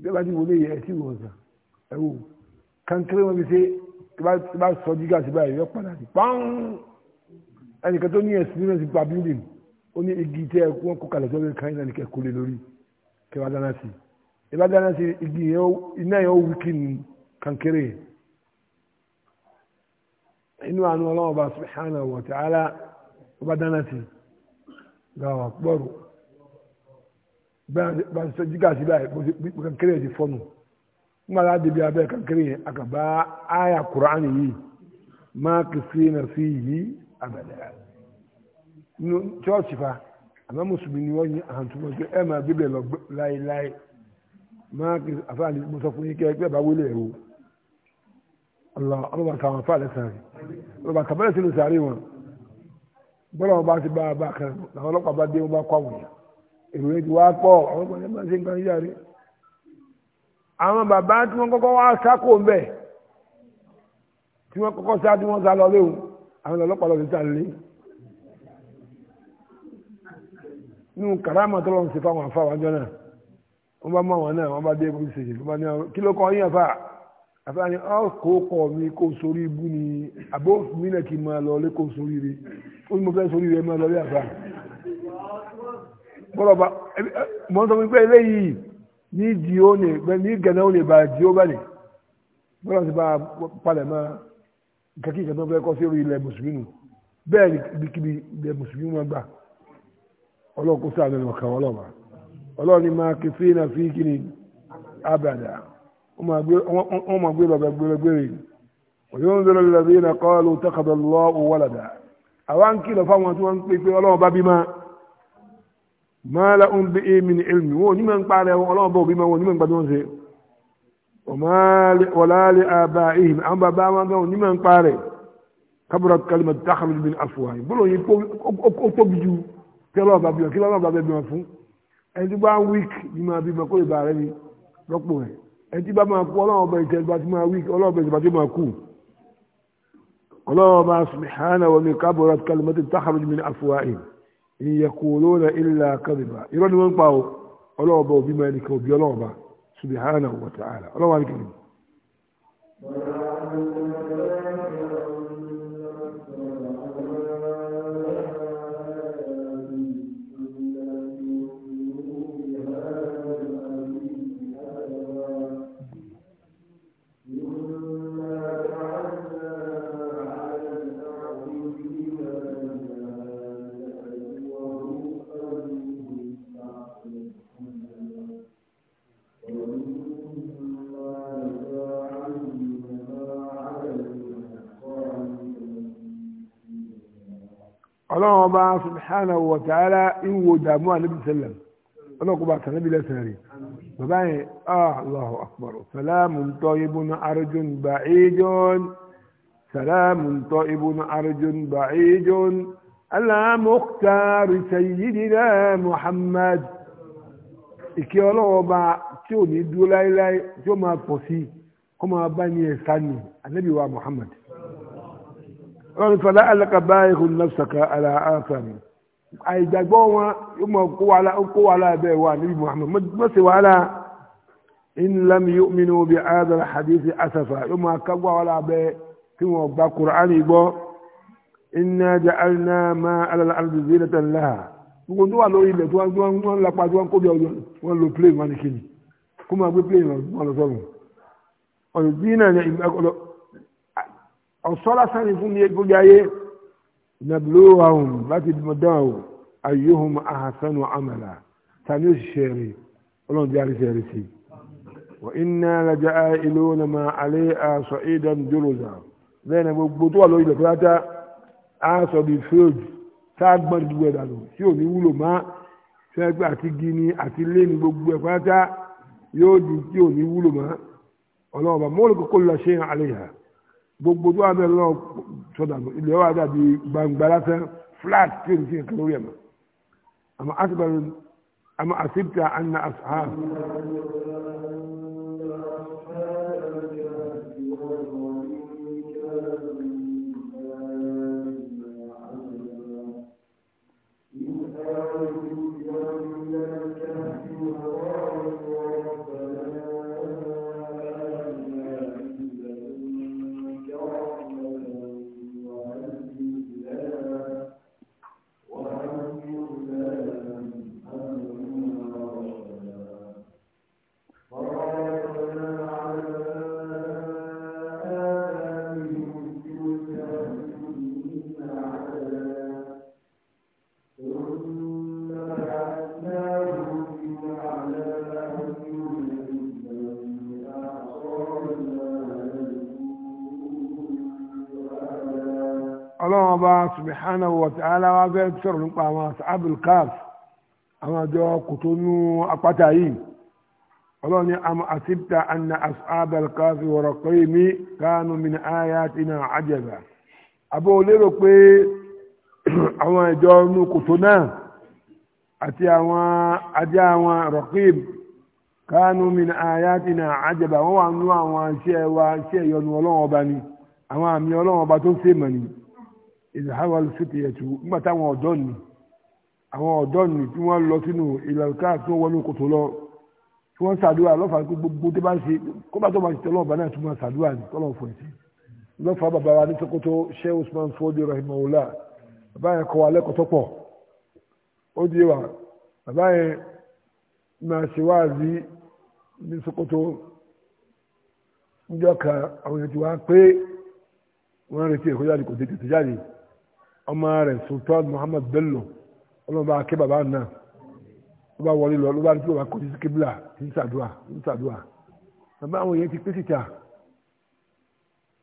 tẹ́ẹ̀ bá ti wọlé yìí ẹ̀ tí wọ́n sàn ẹ̀ wò kankéré wọn fi ṣe tí bá sọ jígà sí báyìí yọ padà sí pọ́n ẹnìkan tó ní experience pa building ó ní igi tẹ́ wọ́n kó kalẹ̀ sọ́wọ́ kan náà ní kẹ́ kólé lórí kẹ́ wá dáná sí ẹ bá dáná sí igi iná yẹn ó wíkì ní kankéré inú àánú ọlọ́wọ́ bá subhanahu wa ta'ala ó bá dáná sí gbàwọ̀ bá ń sọ jígà sí báyìí bó kankéré yẹn ti fọ́nù nígbà a débi abẹ́ kankéré yẹn a kà bá àyà kuraani yìí máa kìsì náà sí yìí abẹ́lẹ́ nínú chọ́ọ̀chì fa àmọ́ mùsùlùmí ni wọ́n yin àhàntúmọ̀ pé ẹ máa bíbẹ̀ lọ láéláé máa kìsì àfáàní mo sọ fún yín kí ẹ gbé bá wọlé ẹ wò ọlọ ọlọba kà wọn fáàlẹ sàrè ọlọba kà bẹ́ẹ̀ sínú sàrè wọn bọ́lá wọn bá ti bá a kan làwọn ọlọ́pàá bá dé wọn bá kọ́ èrò ti wá pọ̀ àwọn ọmọdé máa ṣe nǹkan yíyá rí àwọn bàbá tí wọ́n kọ́kọ́ wá sákò ń bẹ̀ tí wọ́n kọ́kọ́ sá tí wọ́n sá lọ léwu àwọn ọlọ́pàá lọ sí sàlẹ̀ nínú kàrámà tó lọ́n sí fáwọn afáwọn àjọ náà wọ́n bá mọ àwọn náà wọ́n bá dé ebú ṣèṣe wọ́n bá ní kí ló kọ́ yín àfà àfà ni ọ́ kó kọ́ mi kó sórí ibú ni àbó mi náà kì máa lọ lé kó sórí rẹ̀ ó ní mo fẹ́ sórí rẹ̀ máa lọ lé àfà bọ́lọ̀ bá mọ́ sọ wípé eléyìí ní ìdí ó lè ní gẹ̀nà ó lè bá ìdí ó bẹ̀lẹ̀ bọ́lọ̀ ti bá palẹ̀ mọ́ ìkẹ́kí ìkẹ́ tó fẹ́ kọ́ sí orí ilẹ̀ mùsùlùmí nù bẹ́ẹ̀ ni kíbi ilẹ̀ mùsùlùmí wọn gbà ọlọ́kú sáàmì ọ̀kan ọlọ́ba ọlọ́ni máa kí sí iná sí kí ni abàdà wọ́n máa gbé lọ́bẹ̀ gbéregbére òyìnbó ń bẹ̀rẹ̀ lọ́bẹ̀ yìí nà kọ́ ló tẹ́kọ̀dọ̀ lọ́ òwòlàdà àwọn kìlọ̀ fáwọn tí wọ́n ń pè pé ọlọ́wọ́ bá bí máa ma lahum bihi e min ilmi wọn ò ní mọ̀ ń parẹ́ wọn ọlọ́run bọ̀ òbí mọ̀ wọn ò ní mọ̀ ń gbàdúrà wọn ṣe wala li aba'ihim àwọn bàbá wọn gan ò ní mọ̀ ń parẹ́ kaburat kalima takhruju min afwahi bọ́lọ̀ yìí ó tóbi ju kẹlọ́ ọba bí wọn kílọ́ ọba bẹ bí wọn fún ẹni tí bá ń wík ni máa bí mọ̀kó ìbá rẹ ni rọ́pò rẹ̀ ẹni tí bá máa kú ọlọ́run ọba ìtẹ̀lẹ́gbà tí máa wík ọlọ́run ọba ìtẹ̀lẹ́gbà tí máa kú ọlọ́run ọba subhanahu wa ni kaburat kalimatu takhruju min afwahi يقولون إلا كذبا يرون من باو الله باو بما يلك وبيلوبا سبحانه وتعالى الله عليك ọba subhanahu wa ta'ala ń wo dààmú àlebi sẹlẹm ọlọ́kùn bá sànẹ́bí lẹ́sẹ̀ rẹ̀ bàbá yẹn ah, allahu akbar salamu tọ́ ibùn arjun ba'idun salamu tọ́ ibùn arjun ba'idun alamukhtar sayyidina muhammad ìkẹ́ ọlọ́wọ́ bá tí ò ní dúró láéláé tí ó máa pọ̀ sí kó máa bá ní ẹ̀sán ní ànábì wa muhammad wọ́n sọ láàlẹ́ka báyìí kò ná sàkà àlà àǹfààní àìgbàgbọ́ wọn yóò mọ̀ kó wàhálà kó wàhálà bẹ́ẹ̀ wà níbi Muhammad mọ̀ sí wàhálà in lam yu'minu bi hadha al-hadith asafa yóò mọ̀ ká wàhálà bẹ́ẹ̀ tí wọ́n gba Kùránì gbọ́ inna ja'alna ma ala al-ardi zinatan laha gbogbo tó wà lórí ilẹ̀ tí wọ́n lapa tí wọ́n kó bí ọjọ́ wọ́n lo plane wọn ni kí ni kó máa gbé plane wọn lọ sọ́run ọ̀dọ̀ ọ̀sọ́ lásán ni fún mi gbogbo ayé nabluwahum láti dán o ayyuhum ahsanu amala tani ó sì ṣe rí ọlọ́run bí a rí ṣe rí sí i. وإنا لجائلون ما عليها صعيدا جرزا lẹ́yìn náà gbogbo tó wà lórí ilẹ̀ pátá á sọ bí fíòdì tá a gbọ́n gbogbo ẹ̀dà tí ò ní wúlò má fẹ́ẹ́gbẹ́ àti gini àti lẹ́nu gbogbo ẹ̀ pátá yóò di tí ò ní wúlò má ọlọ́run bá mọ́lùkù kó lọ ṣe àlẹ́ gbogbo tó wà bẹ́ẹ̀ lọ́wọ́ sọ̀dà ilẹ̀ wà dàbí gbangba lásán flat tí n ti kàn lórí ẹ̀ mọ́ àmọ́ àsìbẹ̀rẹ̀ àmọ́ àsìbìtà àná àṣà subhanahu wa ta'ala wá fẹ́ sọ̀rọ̀ nípa àwọn ashabul kaf àwọn àjọ kòtò nú apáta yìí ọlọ́run ní am asibta anna ashabul kaf wa raqimi kanu min ayatina ajaba àbò lérò pé àwọn ìjọ nú kòtò náà àti àwọn ajá àwọn raqib kánú min àyátìnà àjẹbà wọ́n wà nú àwọn iṣẹ́ wa iṣẹ́ ìyọnu ọlọ́wọ́n ọba ni àwọn àmì ọlọ́wọ́n ọba tó ń sèmọ̀ ni ìdáhàwà fìtìyẹ̀tù nígbà táwọn ọ̀dọ́ ni àwọn ọ̀dọ́ ni tí wọ́n lọ sínú ìlànà tí wọ́n wọnú kòtò lọ tí wọ́n ṣàdúrà lọ́fà gbogbo tó bá ń ṣe kó bá tó máa ṣe tọ́lọ́ ọ̀bá náà tún máa ṣàdúrà ní tọ́lọ́ fún ẹ̀sìn lọ́fà bàbá wa ní Sokoto Sheikh Usman Fodio rahimahullah bàbá yẹn kọ́ wa lẹ́kọ̀ọ́ tọ́pọ̀ ó di wa bàbá yẹn máa ṣe wáàzí ní Sokoto níjọ́ kan àwọn èèyàn ti wá pé wọ́n retí ẹ̀kọ́ jáde kò tètè jáde ọmọ rẹ̀ sultan muhammad bello ọlọ́run bá ké bàbá náà ló bá wọlé lọ ló bá ní kí bàbá kọjú sí kébìlà ní sàdúà ní sàdúà bàbá àwọn èèyàn ti pé síta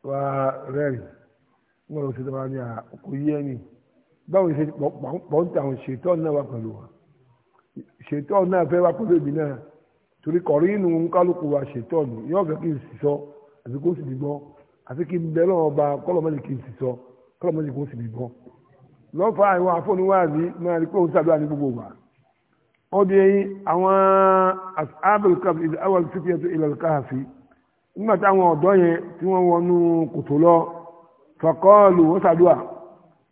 wà rẹ́rìn wọn lọ sí ìjọba ní àkókò yí ẹni báwo ṣe pọ̀ ń ta àwọn ṣètọ́ náà wà pẹ̀lú wa ṣètọ́ náà fẹ́ wá pẹ̀lú èmi náà torí kọ̀rí inú kálukú wa ṣètọ́ ni yóò fẹ́ kí n sì sọ àti kó sì ní gbọ́ àti kí n bẹ́ẹ̀ lọ́wọ́ ba kọ́lọ́mọ́lì kí n sì sọ kọ́lọ́mọ́lì kó sì ní gbọ́. lọ́fà àwọn afọ́niwáàzí máa rí pé òun gbogbo wa ó di àwọn asábìlkaf ìdí àwọn fífìyàtò ìlọ̀lkáàfi nígbà táwọn ọ̀dọ́ yẹn tí wọ́n wọnú kòtò lọ faqalu wọ́n sàdúrà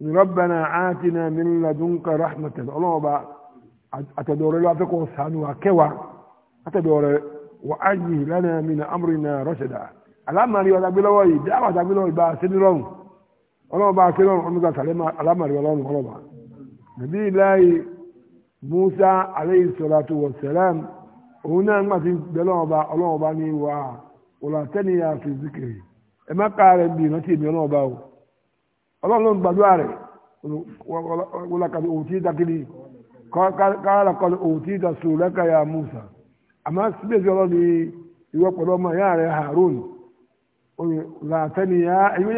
ní rabbana atina min ladunka rahmatan ọlọ́ọ̀bá akérò ọmọdé alámàrí ọlọ́run nàbí ìláyé musa aleyhi salatu wa salam òun náà ńgbà tí bẹ́ẹ̀ ọlọ́ọ̀bá ní wà ọ̀làtẹ́ni àfi zikiri ẹ má ká rẹ̀ bí ìrántí ọlọ́ọ̀bá o ọlọ́run gbàdúrà rẹ̀ wọlákàtí òun tí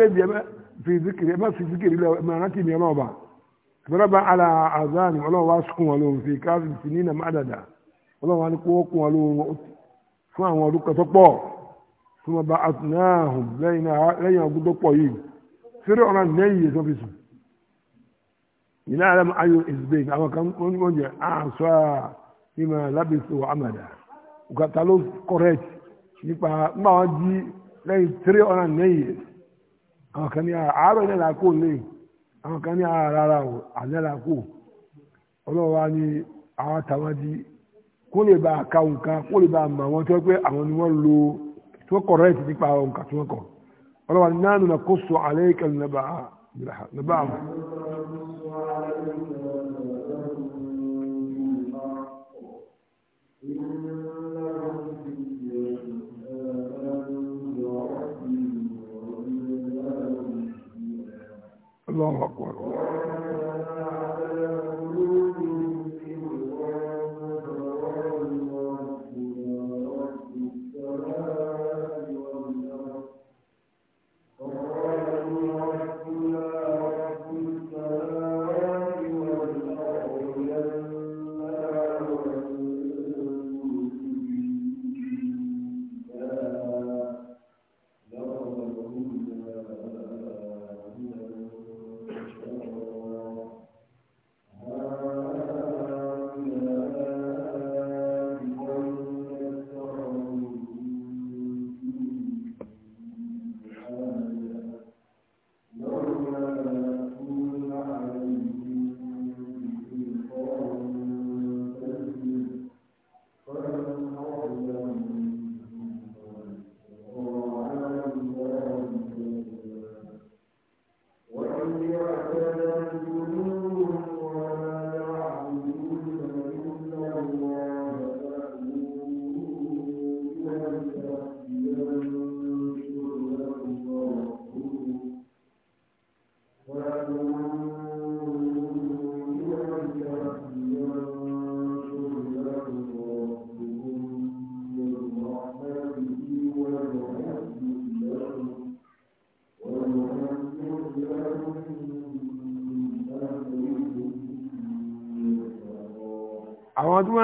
ya fi zikiri ẹ bá fi zikiri lẹ ẹ máa rántí mi ọlọ́ọ̀ba ìbáraba ala azani ọlọ́wọ́ wa sùn wọn lóhùn fi káfí sí ní nàmú àdàdà ọlọ́wọ́ wa ní kó kún wọn lóhùn fún àwọn ọdún kan tó pọ̀ fún ọba atunáhùn lẹ́yìn ọdún tó pọ̀ yìí fẹ́rẹ́ ọ̀rọ̀ lẹ́yìn yìí tó fi sùn. ìlà àlẹ́mú ayò ìsbẹ̀ àwọn kan wọ́n wọ́n jẹ́ àṣọ ìmọ̀ lábẹ́sọ̀ àmàdà òkàtà ló kọ̀rẹ́t nípa ńgbà wọn jí lẹ́yìn fẹ́rẹ́ ọ̀rọ̀ lẹ́yìn yìí àwọn kan ní àárọ̀ ilẹ̀ làkó lè àwọn kan ní àràrà ah, ò àlẹ́ làkó ọlọ́wà ní àwọn àtàwọn jí kó lè bá ka nǹkan kó lè bá mọ àwọn tí wọ́n pé àwọn ni wọ́n lo tí wọ́n kọ̀rẹ́ẹ̀tì nípa àwọn nǹkan tí wọ́n kọ̀ ọlọ́wà ní náà nù nà kó sọ àlẹ́ ìkẹlẹ̀ nàbà àwọn. الله أكبر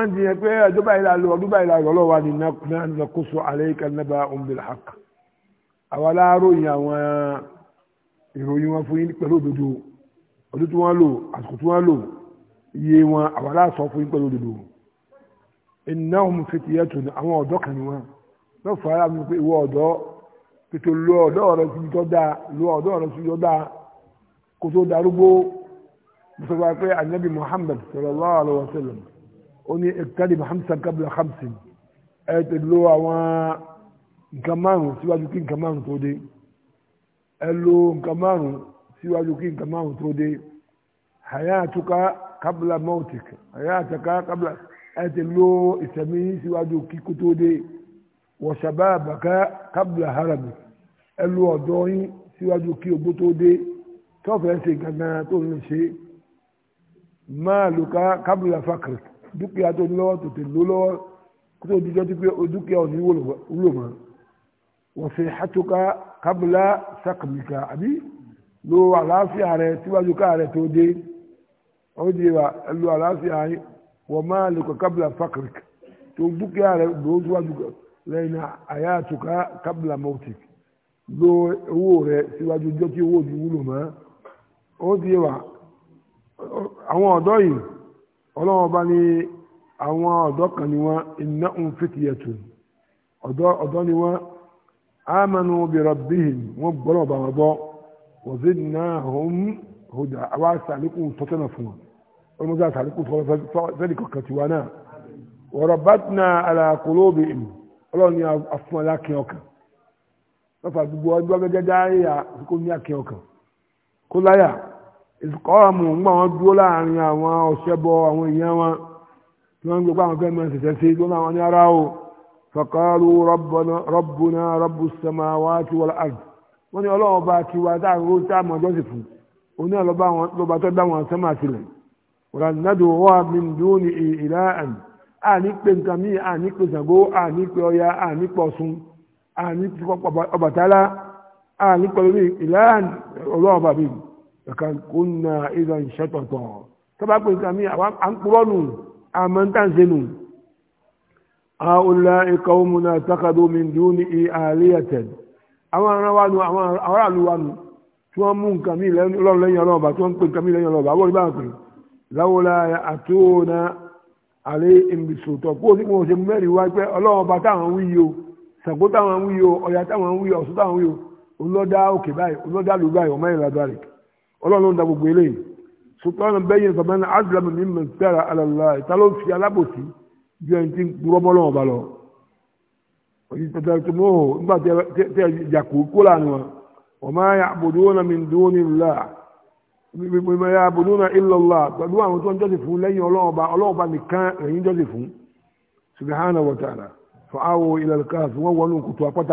máa ń jiyàn pé ọjọ́ báyìí la lò ọdún báyìí la lò ọlọ́wà ni nàkóso alayka naba'um bil haqq àwa láàárọ̀yìn àwọn ìròyìn wọn fún yín pẹ̀lú òdodo ọdún tí wọ́n lò àsìkò tí wọ́n lò iye wọn àwa láàsọ fún yín pẹ̀lú òdodo innahum fityatun àwọn ọ̀dọ́ kan ni wọn lọ́ọ̀ fọ́ ara mi pé ìwọ ọ̀dọ́ tètè lo ọ̀dọ́ rẹ síbi tó dáa lo ọ̀dọ́ rẹ síbi tó dáa kó tó darúgbó mo sọ fún wa pé anabi Muhammad sallallahu alaihi wa sallam ó ní ẹ̀kádì hamsa kábílà hamsin ẹ ti lo àwọn nǹkan márùn síwájú kí nǹkan márùn tó dé ẹ lo nǹkan márùn síwájú kí nǹkan márùn tó dé hayatuka kábílà mautik hayatuka kábílà ẹ ti lo ìsẹ̀mí síwájú kíkú tó dé wa shababaka kábílà harabi ẹ lo ọ̀dọ́ yín síwájú kí ogbó tó dé tọ́fẹ̀ẹ́ ṣe gangan tó ń ṣe máa lùkà kábílà fakrik dúkìá tó ní lọ́wọ́ tètè ló lọ́wọ́ kó tó dijọ́ tí pé dúkìá ò ní wúlò mọ́ wọ́n fi hatuka kábùlá sàkàmìkà àbí lo àlàáfíà rẹ síwájú ká rẹ tó dé ó di wa lo àlàáfíà rẹ wọ́n máa lè kọ́ kábùlá fàkìrìkì tó dúkìá rẹ lòó síwájú lẹ́yìn àyàtuka kábùlá mọ́tìk lo owó rẹ síwájú ọjọ́ tí owó ò ní wúlò mọ́ ó di wa àwọn ọ̀dọ́ yìí ọlọ́wọ́n bá ní àwọn ọ̀dọ́ kan ni wọ́n iná ń fìtìyẹ̀tù ọ̀dọ́ ni wọ́n amanu bi rabbihim wọ́n gbọ́dọ̀ bá wọn gbọ́ wọ́n sì ná òun hùdà àwa sàlékún tọ́tẹ́nà fún wọn wọ́n mú sá sàlékún fẹ́ẹ́lì kọ̀ọ̀kan tiwa náà wa rabbatna ala qulubihim ọlọ́run ni afún alákin ọkàn lọ́fà gbogbo ọjọ́ gẹ́gẹ́ dáhìá kó ní akin ọkàn kó láyà ìsìkọ́ọ̀mù ńgbà wọn dúró láàrin àwọn ọ̀ṣẹ́bọ àwọn èèyàn wọn tí wọ́n ń gbogbo àwọn fẹ́ẹ́ mọ ṣẹ̀ṣẹ̀ sí tó láwọn ní ara o fọkàlù rọ́bùnà rọ́bù sẹ́mà wá tí wọ́n àrùn wọ́n ní ọlọ́wọ́ bá ti wá táàrú táàmù ọjọ́ sì fún un ní ọlọ́ba tó dá wọn sẹ́mà sílẹ̀ rànádù wà mí dúnì ìlà àn àní pé nǹkan mí àní pé Ṣàngó àní pé Ọya àní pé Ọ̀ṣun àní pé Ọbàtálá àní pé ìlà bàbí kan kunna idan shatata ta ba kun kami an quranu aman tan zenu aulai qaumuna taqadu min duni aliyatan àwọn ran wa nu àwọn ara lu wa nu tí wọ́n mú nǹkan mi lọ́run lẹ́yìn Ọlọ́run ba tí wọ́n pè nǹkan mi lẹ́yìn Ọlọ́run ba wo ri ba pè lawla atuna ale imbisuto ko ti mo se meri wa pé Ọlọ́run ba ta wọ́n wí yo sago ta wọ́n wí yo Ọya ta wọ́n wí Ọ̀ṣun ta wọ́n wí yo oloda òkè báyìí oloda lu báyìí o mai la báyìí ọlọ́run ló ń da gbogbo eléyìí sultana bẹ́yìn sọ̀bẹ́n ní azlam ní mẹ́tẹ́rà alàlá ìta ló ń fi alábòsí ju ẹni tí ń purọ́ mọ́ lọ́wọ́ ba lọ. òyìn tẹ̀tẹ̀ tó mọ́ ò nígbà tí ẹ jàkú kó lànà wọn wọ́n máa yà àbòdó wọn mi dúró ní ìlà wọ́n yà àbòdó wọn illa pẹ̀lú àwọn tó ń jọ́sìn fún lẹ́yìn ọlọ́ọ̀ba ọlọ́ọ̀ba nìkan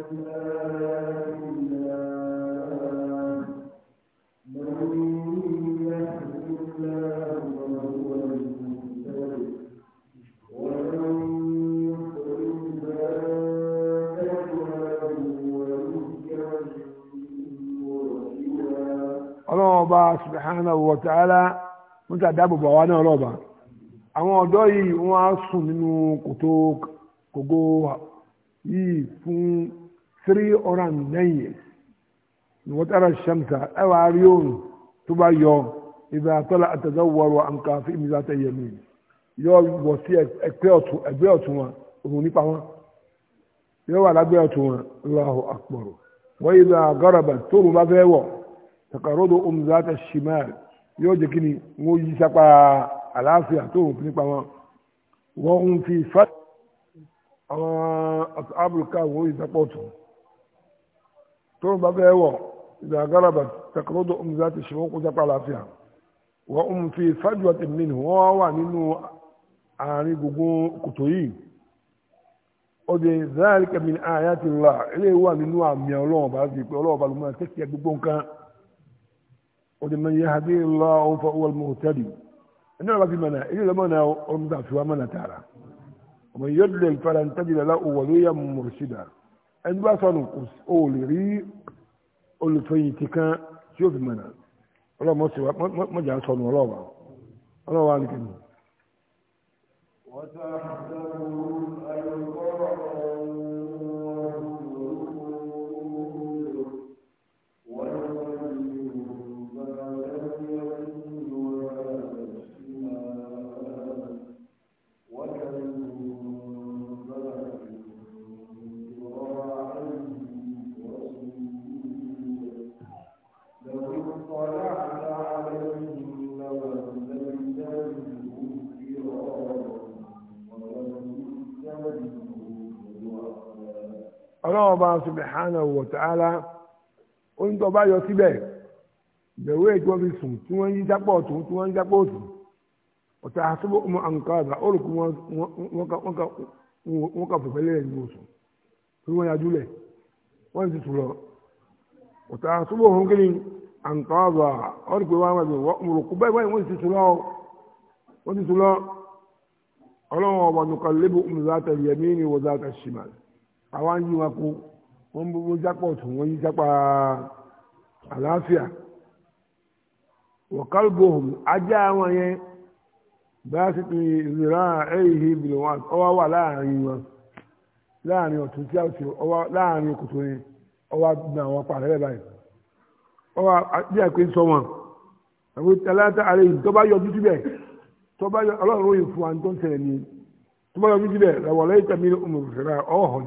ọlọ́ọ̀ba subhanahu wa ta'ala ń tàdábò bà wá náà lọ́ọ̀bà àwọn ọ̀dọ́ yìí wọ́n á sùn nínú kòtò kògó yìí fún three hundred and nine years ni wọ́n tara ṣamta ẹ wàá rí òòrùn tó bá yọ ìgbà àtọ́lá àtẹ̀dáwọ̀rọ̀ àǹkàfẹ́ ìmìlátẹ̀ yẹmí yọ wọ̀ sí ẹgbẹ́ ọ̀tún wọn òun nípa wọn yóò wà lábẹ́ ọ̀tún wọn Allahu akbar wọ́n yìí náà gọ́rọ̀bà tóun bá fẹ́ wọ̀ takarodo omzata um shimal yóò jẹ́ kíni wọ́n yí sápá àlàáfíà tóun fi nípa wọn wọ́n ń fi fat àwọn àtàbùkà wọ́n yí sápá ọ̀tún tó ń bá fẹ́ wọ̀ ìgbà garaba takorodo omuzá ti ṣe wọ́n kó sápá láàfíà wọ́n ń fi fájúwà ti mìíràn wọ́n wà nínú àárín gbogbo kòtò yìí ó di zalika min ayati Allah eléyìí wà nínú àmì ọlọ́run bá ti pé ọlọ́run bá ló máa tẹ́kì gbogbo nǹkan ó di man yahdihillahu fa huwal muhtadi ẹni ọ̀la fi mọ̀nà eléyìí lọ́mọ náà ọ̀run tàfi wá mọ̀nà tààrà wa man yudlil falan tajida lahu waliyyan murshida ẹni bá sọnù o lè rí olùfẹ̀yìntì kan tí yóò fi mọ̀nà ọlọ́mọ sí wa mọ̀jà sọnù ọlọ́wà ọlọ́wà nìkan. wọ́n sá àdàbò ayọ̀kọ́. ọlọ́ọ̀bá subhanahu wa ta'ala ó ń tọ́ bá yọ síbẹ̀ ìbẹ̀wò èyí tí sùn tí wọ́n yí jápọ̀ ọ̀tún tí wọ́n yí jápọ̀ ọ̀tún ọ̀tá àṣọ́bọ̀ ọmọ àǹkàrà ó rò kà fòfẹ́ lẹ́yìn ní oṣù tí wọ́n yájú lẹ̀ wọ́n ti sùn lọ ọ̀tá àṣọ́bọ̀ wà wọ́n ti sùn lọ wọ́n àwa ń yí wọn kó wọ́n bó jápọ̀ ọ̀tún wọ́n yí jápọ̀ àlàáfíà wọ̀kálùbọ̀hùn ajá wọn yẹn bá sì ti ìrìnà ẹ̀yìn ìbìlẹ̀ wọn ọwọ́ wà láàrin wọn láàrin ọ̀tún tí a ti ọwọ́ láàrin kòtò yẹn ọwọ́ gbọ́n àwọn apá rẹ̀ báyìí ọwọ́ bí àpé sọ wọn àwọn aláta àlẹ́ yìí bá bá yọ ọlọ́run yìí fún wa tó ń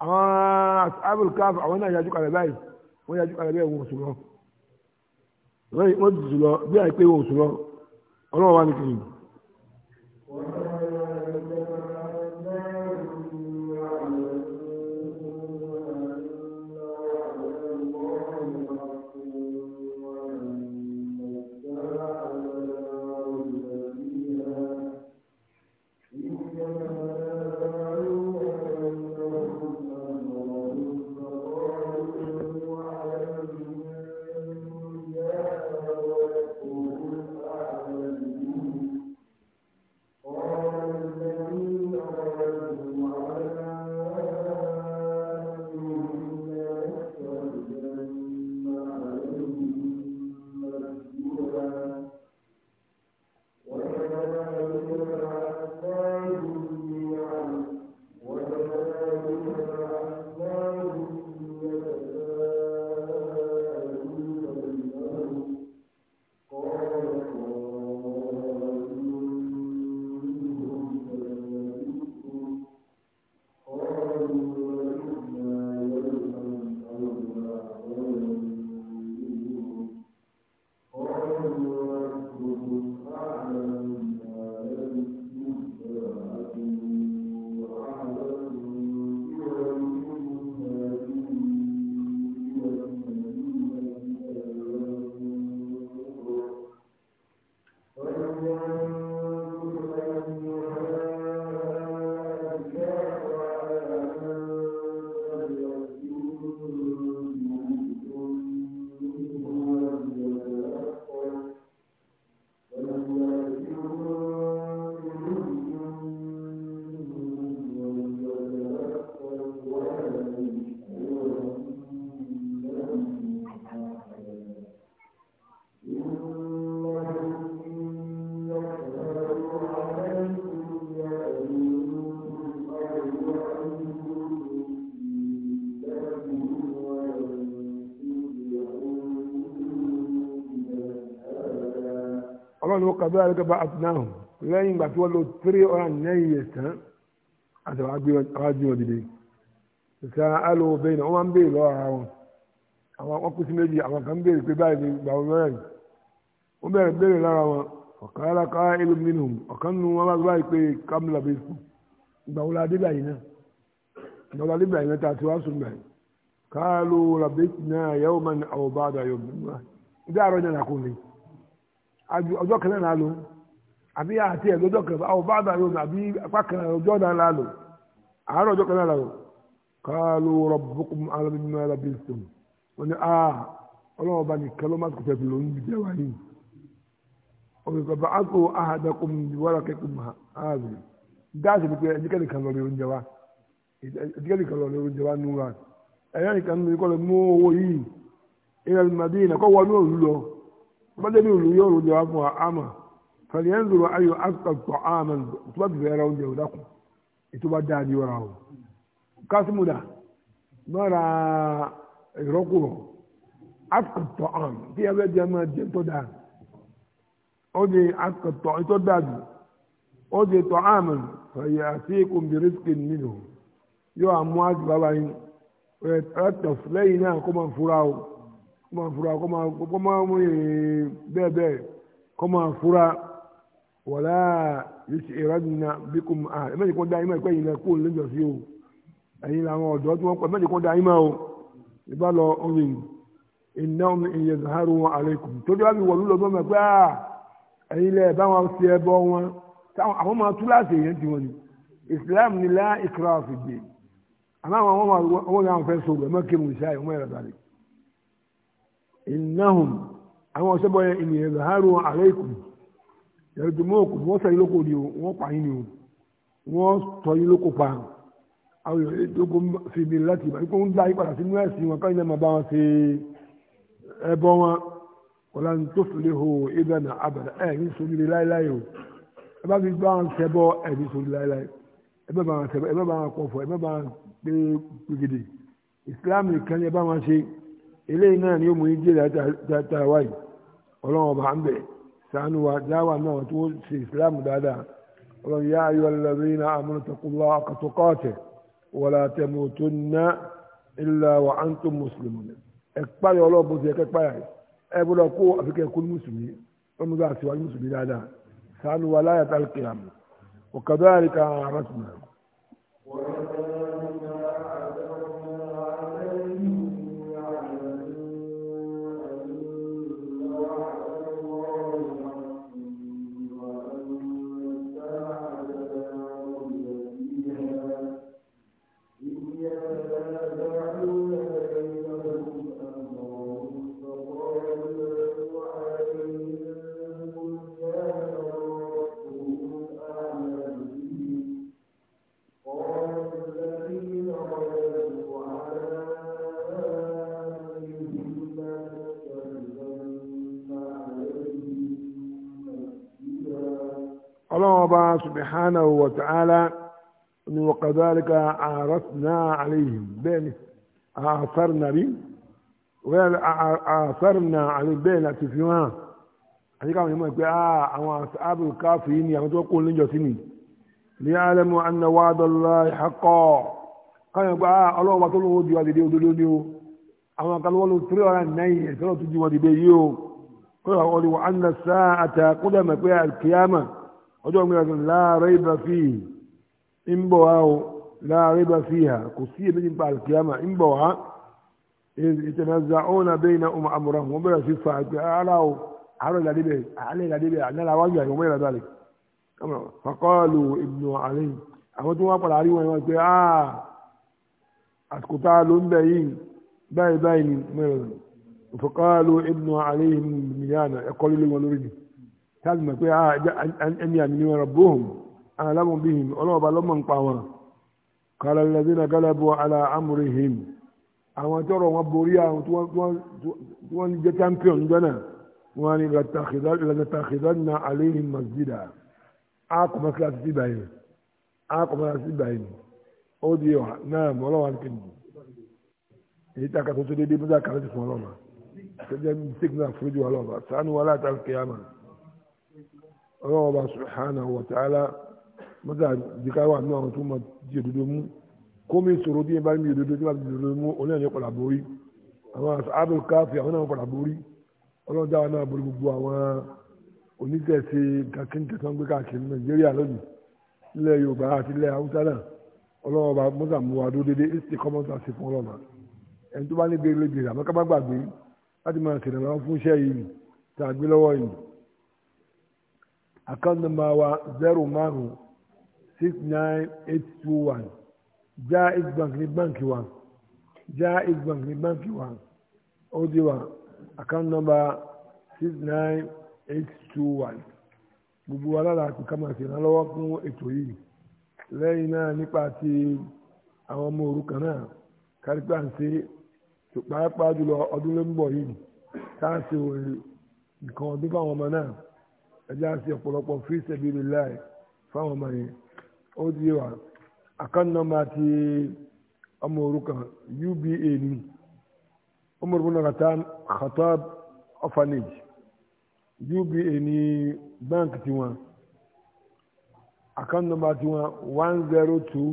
àwọn ashabul kaf àwọn náà yájú kalẹ̀ báyìí wọ́n yájú kalẹ̀ báyìí wọ́n sùn lọ wọ́n ti sùn lọ bí àìpé wọ́n sùn lọ ọlọ́wọ́ wa ni kìnnìkan. kàbíyà lókè bá àtúnáhùn lẹ́yìn ìgbà tí wọ́n lo three hundred and nine years tán àti àwọn agbé wọn dìde ìka alo bẹ́ẹ̀ ni wọ́n máa ń béèrè lọ́wọ́ ara wọn àwọn wọn kú sí méjì àwọn kan béèrè pé báyìí gbà wọn mẹ́rin wọ́n bẹ̀rẹ̀ béèrè lára wọn ọ̀kan aláka ìlú mínú ọ̀kan nu wọn bá báyìí pé kámúlà bẹ́ẹ̀ fún ìgbà la dé náà ìgbà la dé náà ọjọ́ kan náà lò àbí àti ẹ̀ lọ́jọ́ kan àwọn bá dàrú àbí apá kan ọjọ́ náà lò àárọ̀ ọjọ́ kan náà lò kálù rabbukum alábìnrin alábìnrin wọn ni a ọlọ́wọ́ bá nìkan ló má tó tẹ̀sí ló ń jẹ́ wáyé òun kò bá a kò ahadakum wàrà kẹ́kọ̀ọ́ mọ́ ààbò dáàsì pípẹ́ ẹ̀díkẹ́ nìkan lọ́ọ́ lè lọ́ọ́ bọ́dẹ̀ bí olùyọ̀ òun jọ wá fún wa àmà fẹ̀lẹ́ ń lòrò ayò àtọ̀tọ̀ àmà tó bá bìbẹ̀ ra oúnjẹ òdà kù ètò bá dáa ní ọ̀rà o kásímù dà má ra ìrọ́kù rọ̀ àtọ̀tọ̀ àm kí ẹ bẹ́ jẹ́ máa jẹ́ tó dáa ó di àtọ̀tọ̀ ètò dáa jù ó di tọ̀ àmà fẹ̀yà sí kòmbìrìsìkì nínú yóò àmú àti bàbá yín ẹ̀ tọ̀ lẹ́yìn náà kó kó máa fura kó máa kó máa mú bẹ́ẹ̀ bẹ́ẹ̀ kó máa fura wàlá yìí ìrọ́dùnà bí kò máa ẹ mẹ́jì kó dá ìmọ̀ ìpẹ́yìn náà kó lójọ sí o ẹ̀yin làwọn ọ̀dọ́ tí wọ́n pẹ́ mẹ́jì kó dá ìmọ̀ o ìbá lọ orin iná omi ìyẹn zaharu wọn aleikum torí wàá fi wọ̀lú lọ́gbọ́n mẹ́ pé ẹ̀yin lẹ̀ bá wọn fi ẹbọ wọn àwọn máa tú láti èèyàn ti wọn ni Islam ni lá ìkra ọ̀fìgbè àmọ́ àwọn ọmọ àwọn ọmọ àwọn fẹ́ sọ̀rọ̀ ẹ̀ mọ́ kí mo ṣe àyè ọmọ ìrọ̀lẹ́ innahum àwọn ọ̀sẹ́bọ̀ yẹn ènìyàn zaharu alaykum yàrá mọ́ọ̀kù wọ́n sẹ́yìn lóko ni o wọ́n pa yín ni o wọ́n tọ́ yín lóko pa àwọn ìdókò fi mi láti ìbá ikú ń dá yín padà sínú ẹ̀sìn wọn káyìn náà máa bá wọn ṣe ẹbọ wọn wọlá ń tó fìlẹ̀ hó ibà náà abàdà ẹ̀ ní sóríire o ẹ fi bá wọn ṣẹbọ ẹ̀ ní sóríire láéláé bá bá wọn ṣẹbọ bá bá wọn kọfọ bá bá wọn gbé ìsìlámù nìkan bá wọn ṣe eléyìí náà ni ó mú yín jèrè àtàwá yìí ọlọ́run ọba ń bẹ̀ sànù wa dáwà náà tó ṣe islam dáadáa ọlọ́run yá ayọ́ alladhina amanu taqullaha haqqa tuqatih wala tamutunna illa wa antum muslimun ẹ kpáyọ̀ ọlọ́run bó ṣe ẹ kẹ́kpáyà yìí ẹ gbọ́dọ̀ kó àfikẹ́ kún mùsùlùmí ọmọ bá ti wáyé mùsùlùmí dáadáa sànù wa láyàtà alqiyam wa kadhalika àràtúmọ̀. الله سبحانه وتعالى وكذلك عرفنا عليهم بين أعثرنا بهم وقال أعثرنا عليهم بين أتفهمها àti káwọn ìmọ̀ pé ah, àwọn asáàbù káfí ní àwọn tó kún lójọ sí ni ní alamu anna wa'dallah haqqo káwọn ìgbà ah, ọlọ́wọ́ tó lówó di wa dìde òdodo ni o àwọn akalọ́wọ́ ló three hundred and nine ẹ̀sẹ̀ lọ́tún di wa dìde yìí o kó yà wọ́n ni wọ́n anna sa'ata kó dà mọ̀ pé alkiyama ọjọ́ gbìyànjú la rayba fihi ń bọ̀ wá o la rayba fiha kò sí èmi nípa àlùkìyàmà ń bọ̀ wá ìtẹ̀nàzàọ́nà bẹ́yìn náà ọmọ àmúra wọn bẹ̀rẹ̀ sí fa àgbẹ̀ ara o àárọ̀ ìlàdí bẹ̀ àlẹ́ ìlàdí bẹ̀ ànára wájú àyọ̀ wọ́n yàrá balẹ̀ fakọ́ọ̀lù ibnu Ali àwọn tó wá padà rí wọn wọn pé aa àsìkò tá a ló ń bẹ yìí báyìí báyìí ni mẹ́rin fakọ́ọ̀lù ibnu Ali mìíràn ẹ̀kọ́ líle wọn lórí ni káàdì mọ̀ pé ah, ẹni àmì ni wọ́n rọ̀ bóhùn aláwọ̀ bí him ọlọ́ọ̀bá lọ́mọ̀ ń pa wọn kọ́lá lẹ́sìn náà kọ́lá bọ́ ala amúre him àwọn tọrọ wọn borí àwọn tí wọ́n jẹ́ champion jọ́nà wọn ni lẹ́tàkìdá na aléhìn masjida a kọ́mọ́ kíláàsì sí báyìí a kọ́mọ́ kíláàsì sí báyìí ó di wa náà mọ́ ọlọ́wà nìkan èyí tí a kà tó tó déédéé bí wọ́n ti fún ọlọ́wà tó jẹ́ mistake náà fúrújú ọlọ́wà sànù wàhálà àtàkìyàmà ọlọ́wọ́ bá subhanahu wa ta'ala mọ́tà jìkà wà nínú àwọn tó mọ̀ di òdodo mú kó mi sọ̀rọ̀ bí ẹ bá mi òdodo tí wà di òdodo mú oní ẹ̀yẹ padà borí àwọn abdul káfí àwọn náà padà borí ọlọ́dà wọn náà borí gbogbo àwọn oníṣẹ́ṣe kankan gbé káàkiri nàìjíríà lónìí ilẹ̀ yorùbá àti ilẹ̀ haúsá náà ọlọ́wọ́ bá mọ́tà mú wa dó dédé èsì kọ́mọ́tà sí fún ọlọ́mà ẹni bá ní bèrè lè account number wa zero márùn six nine eight two Bank ní báǹkì wa Bank n'i wa ó wa account number gbogbo wa lára àti kàmáṣe ìrànlọ́wọ́ fún ètò yìí lẹ́yìn náà nípa ti àwọn ọmọ òrukàn náà kárípà ń ṣe pàápàá jùlọ ọdún ló ń bọ̀ yìí nǹkan ọdún fáwọn ẹjẹ́ á sí ọ̀pọ̀lọpọ̀ fi sabilillah fáwọn ọmọ yẹn ó di wa àkànnọ́mà ti ọmọ òrukàn uba ni ọmọ òrukàn Khatab orphanage uba ni báńkì tiwọn account number wọn one zero two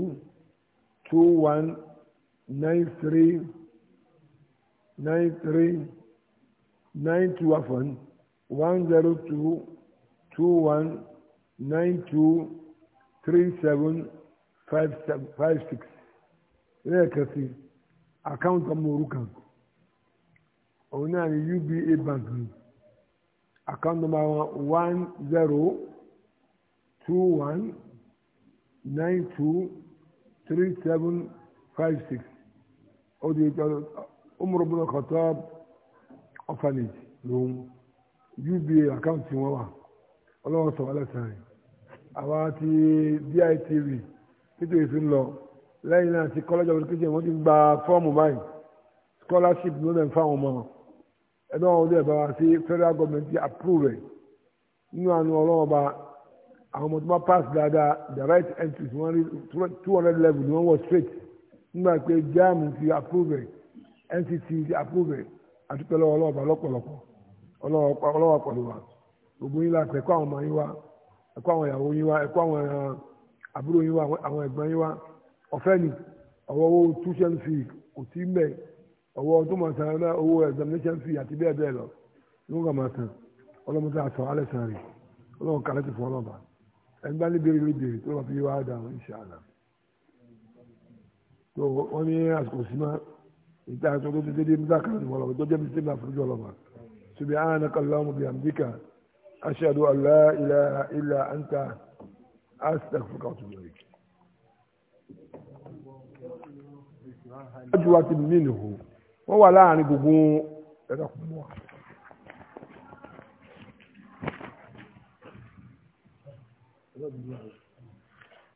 two one nine three nine three nine two one one zero two 21923756 lẹ́ẹ̀kẹsì àkáǹtì ọmọ òrukàn òun náà ni UBA bank ni account ọmọ àwọn one zero two one nine two three seven five six ọlọ́run sọ̀rọ̀ lẹ́sàn-án yìí àwa ti DITV nítorí fi ń lọ lẹ́yìn náà ti college of education wọ́n ti gba fọ́ọ̀mù báyìí scholarship ló dẹ̀ ń fáwọn ọmọ ẹgbẹ́ wọn dẹ̀ bá wa sí federal government ti approve rẹ̀ nínú àánú ọlọ́run ọba àwọn ọmọ tó bá pass dáadáa direct entry wọ́n rí two hundred level ni wọ́n wọ̀ straight nígbà pé JAMB ti approve rẹ̀ NCT ti approve rẹ̀ àdúpẹ́ lọ́wọ́ ọlọ́ọ̀bà lọ́pọ̀lọpọ̀ ọlọ́wọ́ pẹ̀lú wa gbogbo yín láǹpẹ̀ ẹ̀kọ́ àwọn ọmọ yín wá ẹ̀kọ́ àwọn ìyàwó yín wá ẹ̀kọ́ àwọn eh, àbúrò yín wá àwọn ẹ̀gbọ́n yín wá ọ̀fẹ́ ni ọwọ́ owó tuition fee kò sí mbẹ́ ọwọ́ tó máa san owó examination fee àti bẹ́ẹ̀ bẹ́ẹ̀ lọ ló ń kà máa san ọlọ́mọdé àtọ̀ alẹ́ san rè ọlọ́run kàlẹ́ ti fún ọlọ́ba ẹgbẹ́ ní ló béèrè tó lọ́ fi wá dáhùn ìṣàlá tó wọ́n ní àsìkò sí ìta àti ọdún tó dédé mú dákàlẹ́ ìwọlọ́wọ́ tó jẹ́ mi sí ìlà fún ìjọ ọlọ́ba subhanaka Allahumma bihamdika. أشهد أن لا إله إلا أنت أستغفرك وأتوب إليك أجوة منه وهو لا يعني بقوم رقم واحد Thank you.